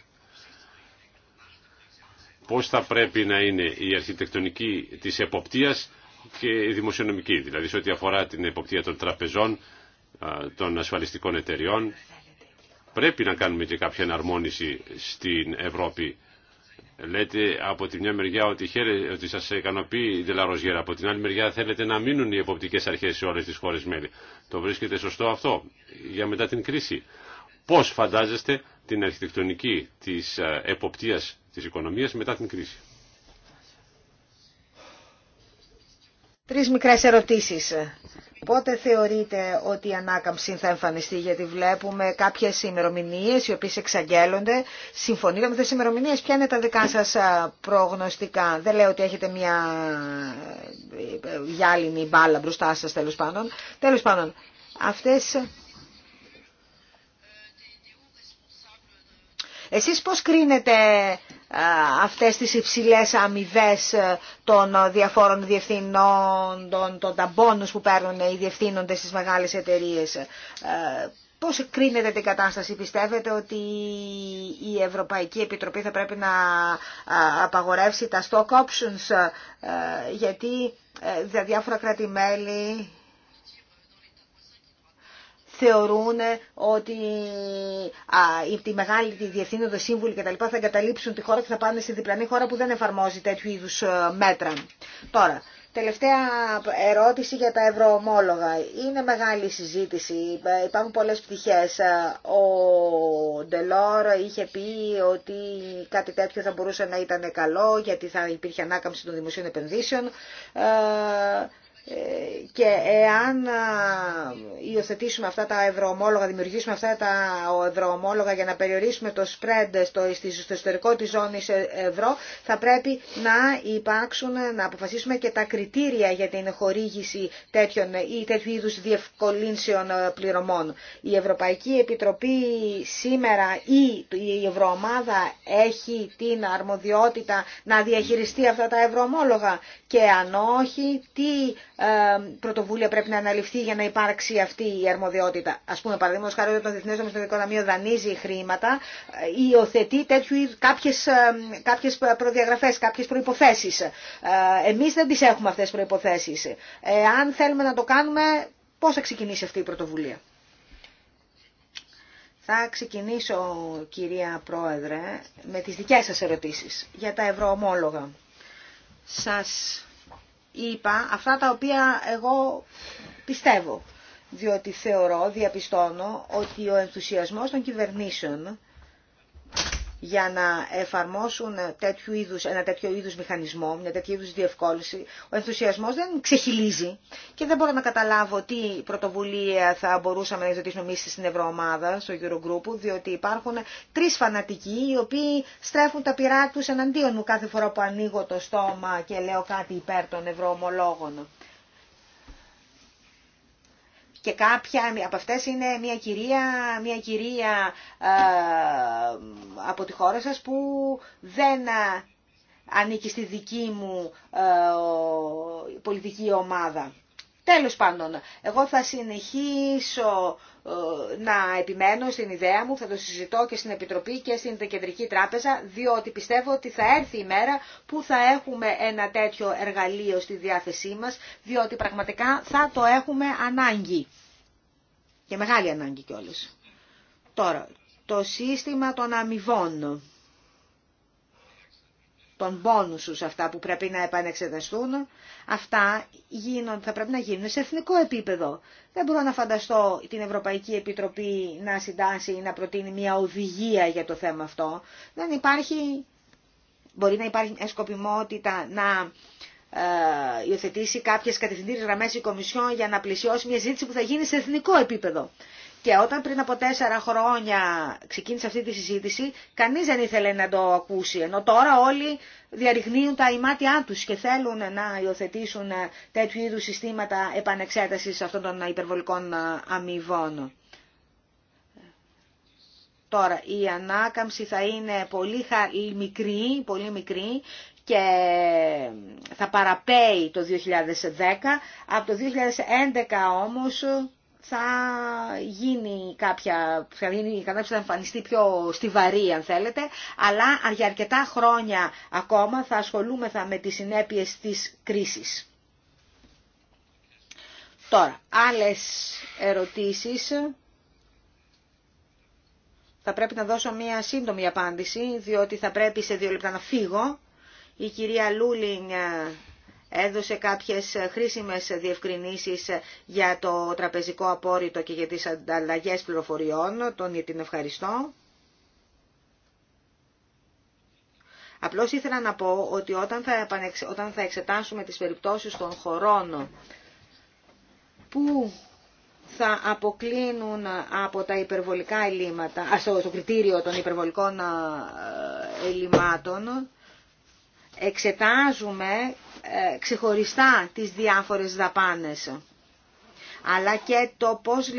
πώς θα πρέπει να είναι η αρχιτεκτονική της εποπτείας και η δημοσιονομική, δηλαδή σε ό,τι αφορά την εποπτεία των τραπεζών των ασφαλιστικών εταιριών. Πρέπει να κάνουμε και κάποια εναρμόνιση στην Ευρώπη. Λέτε από τη μια μεριά ότι, χαίρε, ότι σας ικανοποιεί η Δελαροζιέρα, από την άλλη μεριά θέλετε να μείνουν οι εποπτικές αρχές σε όλες τις χώρες μέλη. Το βρίσκεται σωστό αυτό για μετά την κρίση. Πώς φαντάζεστε την αρχιτεκτονική της εποπτείας της οικονομίας μετά την κρίση. Τρεις μικρές ερωτήσεις. Πότε θεωρείτε ότι η ανάκαμψη θα εμφανιστεί, γιατί βλέπουμε κάποιες ημερομηνίε οι οποίες εξαγγέλλονται. Συμφωνείτε με τις ημερομηνίες. ποια είναι τα δικά σας προγνωστικά. Δεν λέω ότι έχετε μια ε, ε, γυάλινη μπάλα μπροστά σας, τέλος πάντων. Τέλος πάντων, αυτές Εσείς πώς κρίνετε αυτές τις υψηλές αμοιβέ ε, των ε, διαφόρων διευθυνών, των, των ταμπόνους που παίρνουν οι διευθύνοντες στις μεγάλες εταιρείες. Ε, πώς κρίνετε την κατάσταση, πιστεύετε ότι η Ευρωπαϊκή Επιτροπή θα πρέπει να απαγορεύσει τα stock options, γιατί διάφορα κράτη-μέλη θεωρούν ότι α, τη μεγάλη τη και τα θα εγκαταλείψουν τη χώρα και θα πάνε στη διπλανή χώρα που δεν εφαρμόζει τέτοιου είδους ε, μέτρα. Τώρα, Τελευταία ερώτηση για τα ευρωομόλογα. Είναι μεγάλη συζήτηση, ε, υπάρχουν πολλές πτυχές. Ε, ο Ντελόρ είχε πει ότι κάτι τέτοιο θα μπορούσε να ήταν καλό γιατί θα υπήρχε ανάκαμψη των δημοσίων επενδύσεων και εάν υιοθετήσουμε αυτά τα ευρωομόλογα, δημιουργήσουμε αυτά τα ευρωομόλογα για να περιορίσουμε το spread στο, στο ιστορικό της ζώνης ε, ευρώ, θα πρέπει να υπάρξουν, να αποφασίσουμε και τα κριτήρια για την χορήγηση τέτοιων ή τέτοιου είδους διευκολύνσεων ε, πληρωμών. Η Ευρωπαϊκή Επιτροπή σήμερα ή η Ευρωομάδα έχει την αρμοδιότητα να διαχειριστεί αυτά τα ευρωομόλογα και αν όχι, τι ε, πρωτοβούλια πρέπει να αναλυφθεί για να υπάρξει αυτή η αρμοδιότητα. Α πούμε, παραδείγματο χάρη όταν το Διεθνέ Νομισματικό Ταμείο δανείζει χρήματα, ε, υιοθετεί κάποιε ε, προδιαγραφέ, κάποιε προποθέσει. Εμεί δεν τι έχουμε αυτέ τι προποθέσει. Αν θέλουμε να το κάνουμε, πώ θα ξεκινήσει αυτή η πρωτοβουλία. Θα ξεκινήσω, κυρία Πρόεδρε, με τις δικές σας ερωτήσεις για τα ευρωομόλογα. Σας είπα αυτά τα οποία εγώ πιστεύω. Διότι θεωρώ, διαπιστώνω, ότι ο ενθουσιασμός των κυβερνήσεων για να εφαρμόσουν τέτοιου είδους, ένα τέτοιο είδους μηχανισμό, μια τέτοιου είδους διευκόλυνση. Ο ενθουσιασμός δεν ξεχυλίζει και δεν μπορώ να καταλάβω τι πρωτοβουλία θα μπορούσαμε να ζητήσουμε εμείς στην Ευρωομάδα, στο Eurogroup, διότι υπάρχουν τρεις φανατικοί οι οποίοι στρέφουν τα πειρά τους εναντίον μου κάθε φορά που ανοίγω το στόμα και λέω κάτι υπέρ των ευρωομολόγων και κάποια από αυτές είναι μια κυρία, μια κυρία ε, από τη χώρα σας που δεν ε, ανήκει στη δική μου ε, πολιτική ομάδα. Τέλος πάντων, εγώ θα συνεχίσω ε, να επιμένω στην ιδέα μου, θα το συζητώ και στην Επιτροπή και στην Κεντρική Τράπεζα, διότι πιστεύω ότι θα έρθει η μέρα που θα έχουμε ένα τέτοιο εργαλείο στη διάθεσή μας, διότι πραγματικά θα το έχουμε ανάγκη. Και μεγάλη ανάγκη κιόλας. Τώρα, το σύστημα των αμοιβών των σου αυτά που πρέπει να επανεξεταστούν, αυτά γίνον, θα πρέπει να γίνουν σε εθνικό επίπεδο. Δεν μπορώ να φανταστώ την Ευρωπαϊκή Επιτροπή να συντάσει ή να προτείνει μια οδηγία για το θέμα αυτό. Δεν υπάρχει, μπορεί να υπάρχει σκοπιμότητα να ε, υιοθετήσει κάποιες κατευθυντήριες γραμμές η Κομισιόν για να πλησιώσει μια ζήτηση που θα γίνει σε εθνικό επίπεδο. Και όταν πριν από τέσσερα χρόνια ξεκίνησε αυτή τη συζήτηση, κανείς δεν ήθελε να το ακούσει. Ενώ τώρα όλοι διαρριχνύουν τα ημάτια τους και θέλουν να υιοθετήσουν τέτοιου είδου συστήματα επανεξέτασης αυτών των υπερβολικών αμοιβών. Τώρα, η ανάκαμψη θα είναι πολύ μικρή, πολύ μικρή και θα παραπέει το 2010. Από το 2011 όμως θα γίνει κάποια, θα γίνει κατάσταση θα εμφανιστεί πιο στιβαρή αν θέλετε, αλλά για αρκετά χρόνια ακόμα θα ασχολούμεθα με τις συνέπειες της κρίσης. Τώρα, άλλες ερωτήσεις. Θα πρέπει να δώσω μία σύντομη απάντηση, διότι θα πρέπει σε δύο λεπτά να φύγω. Η κυρία Λούλινγκ έδωσε κάποιες χρήσιμες διευκρινήσεις για το τραπεζικό απόρριτο και για τις ανταλλαγές πληροφοριών. Τον την ευχαριστώ. Απλώς ήθελα να πω ότι όταν θα, όταν θα εξετάσουμε τις περιπτώσεις των χωρών που θα αποκλίνουν από τα υπερβολικά ελλείμματα, στο, κριτήριο των υπερβολικών ε, ελλημάτων, εξετάζουμε ε, ξεχωριστά τις διάφορες δαπάνες, αλλά και το πώς,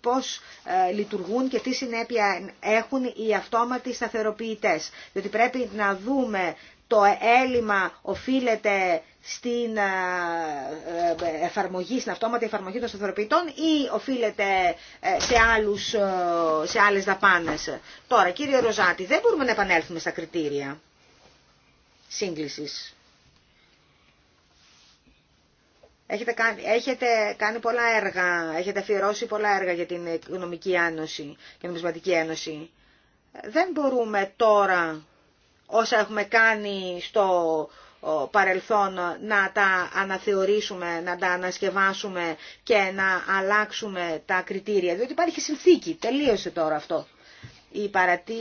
πώς ε, λειτουργούν και τι συνέπεια έχουν οι αυτόματοι σταθεροποιητές. Διότι πρέπει να δούμε το έλλειμμα οφείλεται στην ε, εφαρμογή, στην αυτόματη εφαρμογή των σταθεροποιητών ή οφείλεται σε, άλλους, σε άλλες δαπάνες. Τώρα, κύριε Ροζάτη, δεν μπορούμε να επανέλθουμε στα κριτήρια σύγκλησης. Έχετε κάνει, έχετε κάνει πολλά έργα, έχετε αφιερώσει πολλά έργα για την Οικονομική Ένωση και Νομισματική Ένωση. Δεν μπορούμε τώρα όσα έχουμε κάνει στο παρελθόν να τα αναθεωρήσουμε, να τα ανασκευάσουμε και να αλλάξουμε τα κριτήρια. Διότι υπάρχει συνθήκη, τελείωσε τώρα αυτό η, παρατή,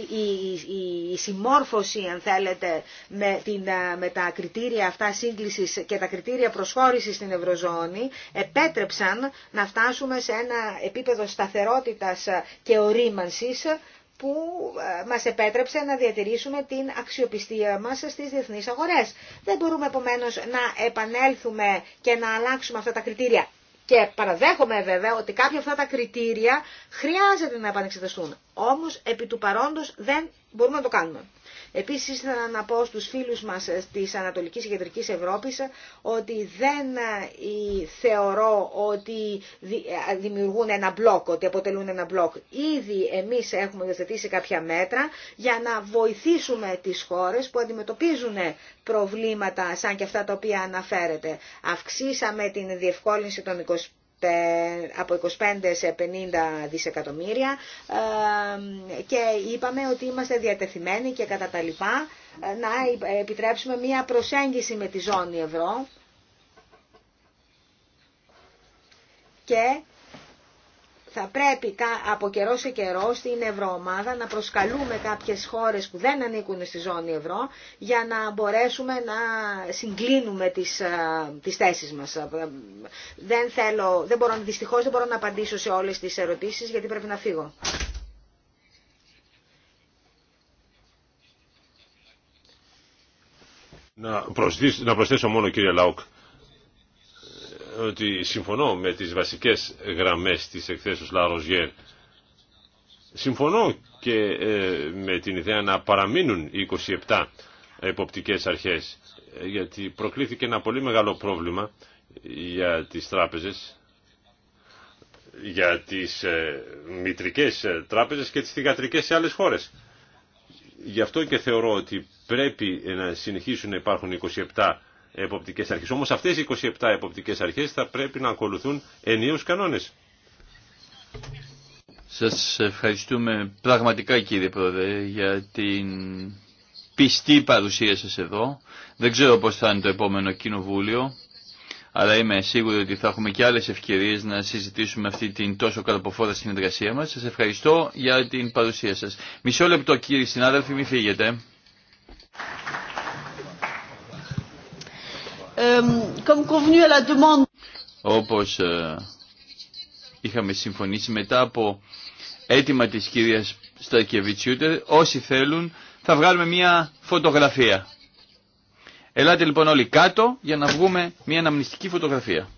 συμμόρφωση, αν θέλετε, με, την, με τα κριτήρια αυτά σύγκλησης και τα κριτήρια προσχώρησης στην Ευρωζώνη επέτρεψαν να φτάσουμε σε ένα επίπεδο σταθερότητας και ορίμανσης που μας επέτρεψε να διατηρήσουμε την αξιοπιστία μας στις διεθνείς αγορές. Δεν μπορούμε επομένως να επανέλθουμε και να αλλάξουμε αυτά τα κριτήρια και παραδέχομαι βέβαια ότι κάποια αυτά τα κριτήρια χρειάζεται να επανεξεταστούν. Όμως επί του παρόντος δεν μπορούμε να το κάνουμε. Επίσης ήθελα να πω στους φίλους μας ε, της Ανατολικής και Κεντρικής Ευρώπης ε, ότι δεν ε, θεωρώ ότι δημιουργούν ένα μπλοκ, ότι αποτελούν ένα μπλοκ. Ήδη εμείς έχουμε διαθετήσει κάποια μέτρα για να βοηθήσουμε τις χώρες που αντιμετωπίζουν προβλήματα σαν και αυτά τα οποία αναφέρεται. Αυξήσαμε την διευκόλυνση των 25 από 25 σε 50 δισεκατομμύρια ε, και είπαμε ότι είμαστε διατεθειμένοι και κατά τα λοιπά ε, να επιτρέψουμε μία προσέγγιση με τη ζώνη ευρώ και θα πρέπει από καιρό σε καιρό στην Ευρωομάδα να προσκαλούμε κάποιες χώρες που δεν ανήκουν στη ζώνη ευρώ για να μπορέσουμε να συγκλίνουμε τις, ε, τις θέσεις μας. Ε, δεν θέλω, δεν μπορώ, δυστυχώς δεν μπορώ να απαντήσω σε όλες τις ερωτήσεις γιατί πρέπει να φύγω. Να, προσθέσω, να προσθέσω μόνο κύριε Λάουκ ότι συμφωνώ με τις βασικές γραμμές της εκθέσεως Λαροζιέρ. Συμφωνώ και ε, με την ιδέα να παραμείνουν οι 27 εποπτικές αρχές, ε, γιατί προκλήθηκε ένα πολύ μεγάλο πρόβλημα για τις τράπεζες, για τις ε, μητρικές τράπεζες και τις θηγατρικές σε άλλες χώρες. Γι' αυτό και θεωρώ ότι πρέπει να συνεχίσουν να υπάρχουν 27 εποπτικές αρχές. Όμως αυτές οι 27 εποπτικές αρχές θα πρέπει να ακολουθούν ενίους κανόνες. Σας ευχαριστούμε πραγματικά κύριε Πρόεδρε για την πιστή παρουσία σας εδώ. Δεν ξέρω πώς θα είναι το επόμενο κοινοβούλιο, αλλά είμαι σίγουρη ότι θα έχουμε και άλλες ευκαιρίες να συζητήσουμε αυτή την τόσο καλοποφόρα συνεργασία μας. Σας ευχαριστώ για την παρουσία σας. Μισό λεπτό κύριοι συνάδελφοι, μην φύγετε. Όπως ε, είχαμε συμφωνήσει μετά από αίτημα της κυρίας Στακεβιτσιούτερ, όσοι θέλουν θα βγάλουμε μια φωτογραφία. Ελάτε λοιπόν όλοι κάτω για να βγούμε μια αναμνηστική φωτογραφία.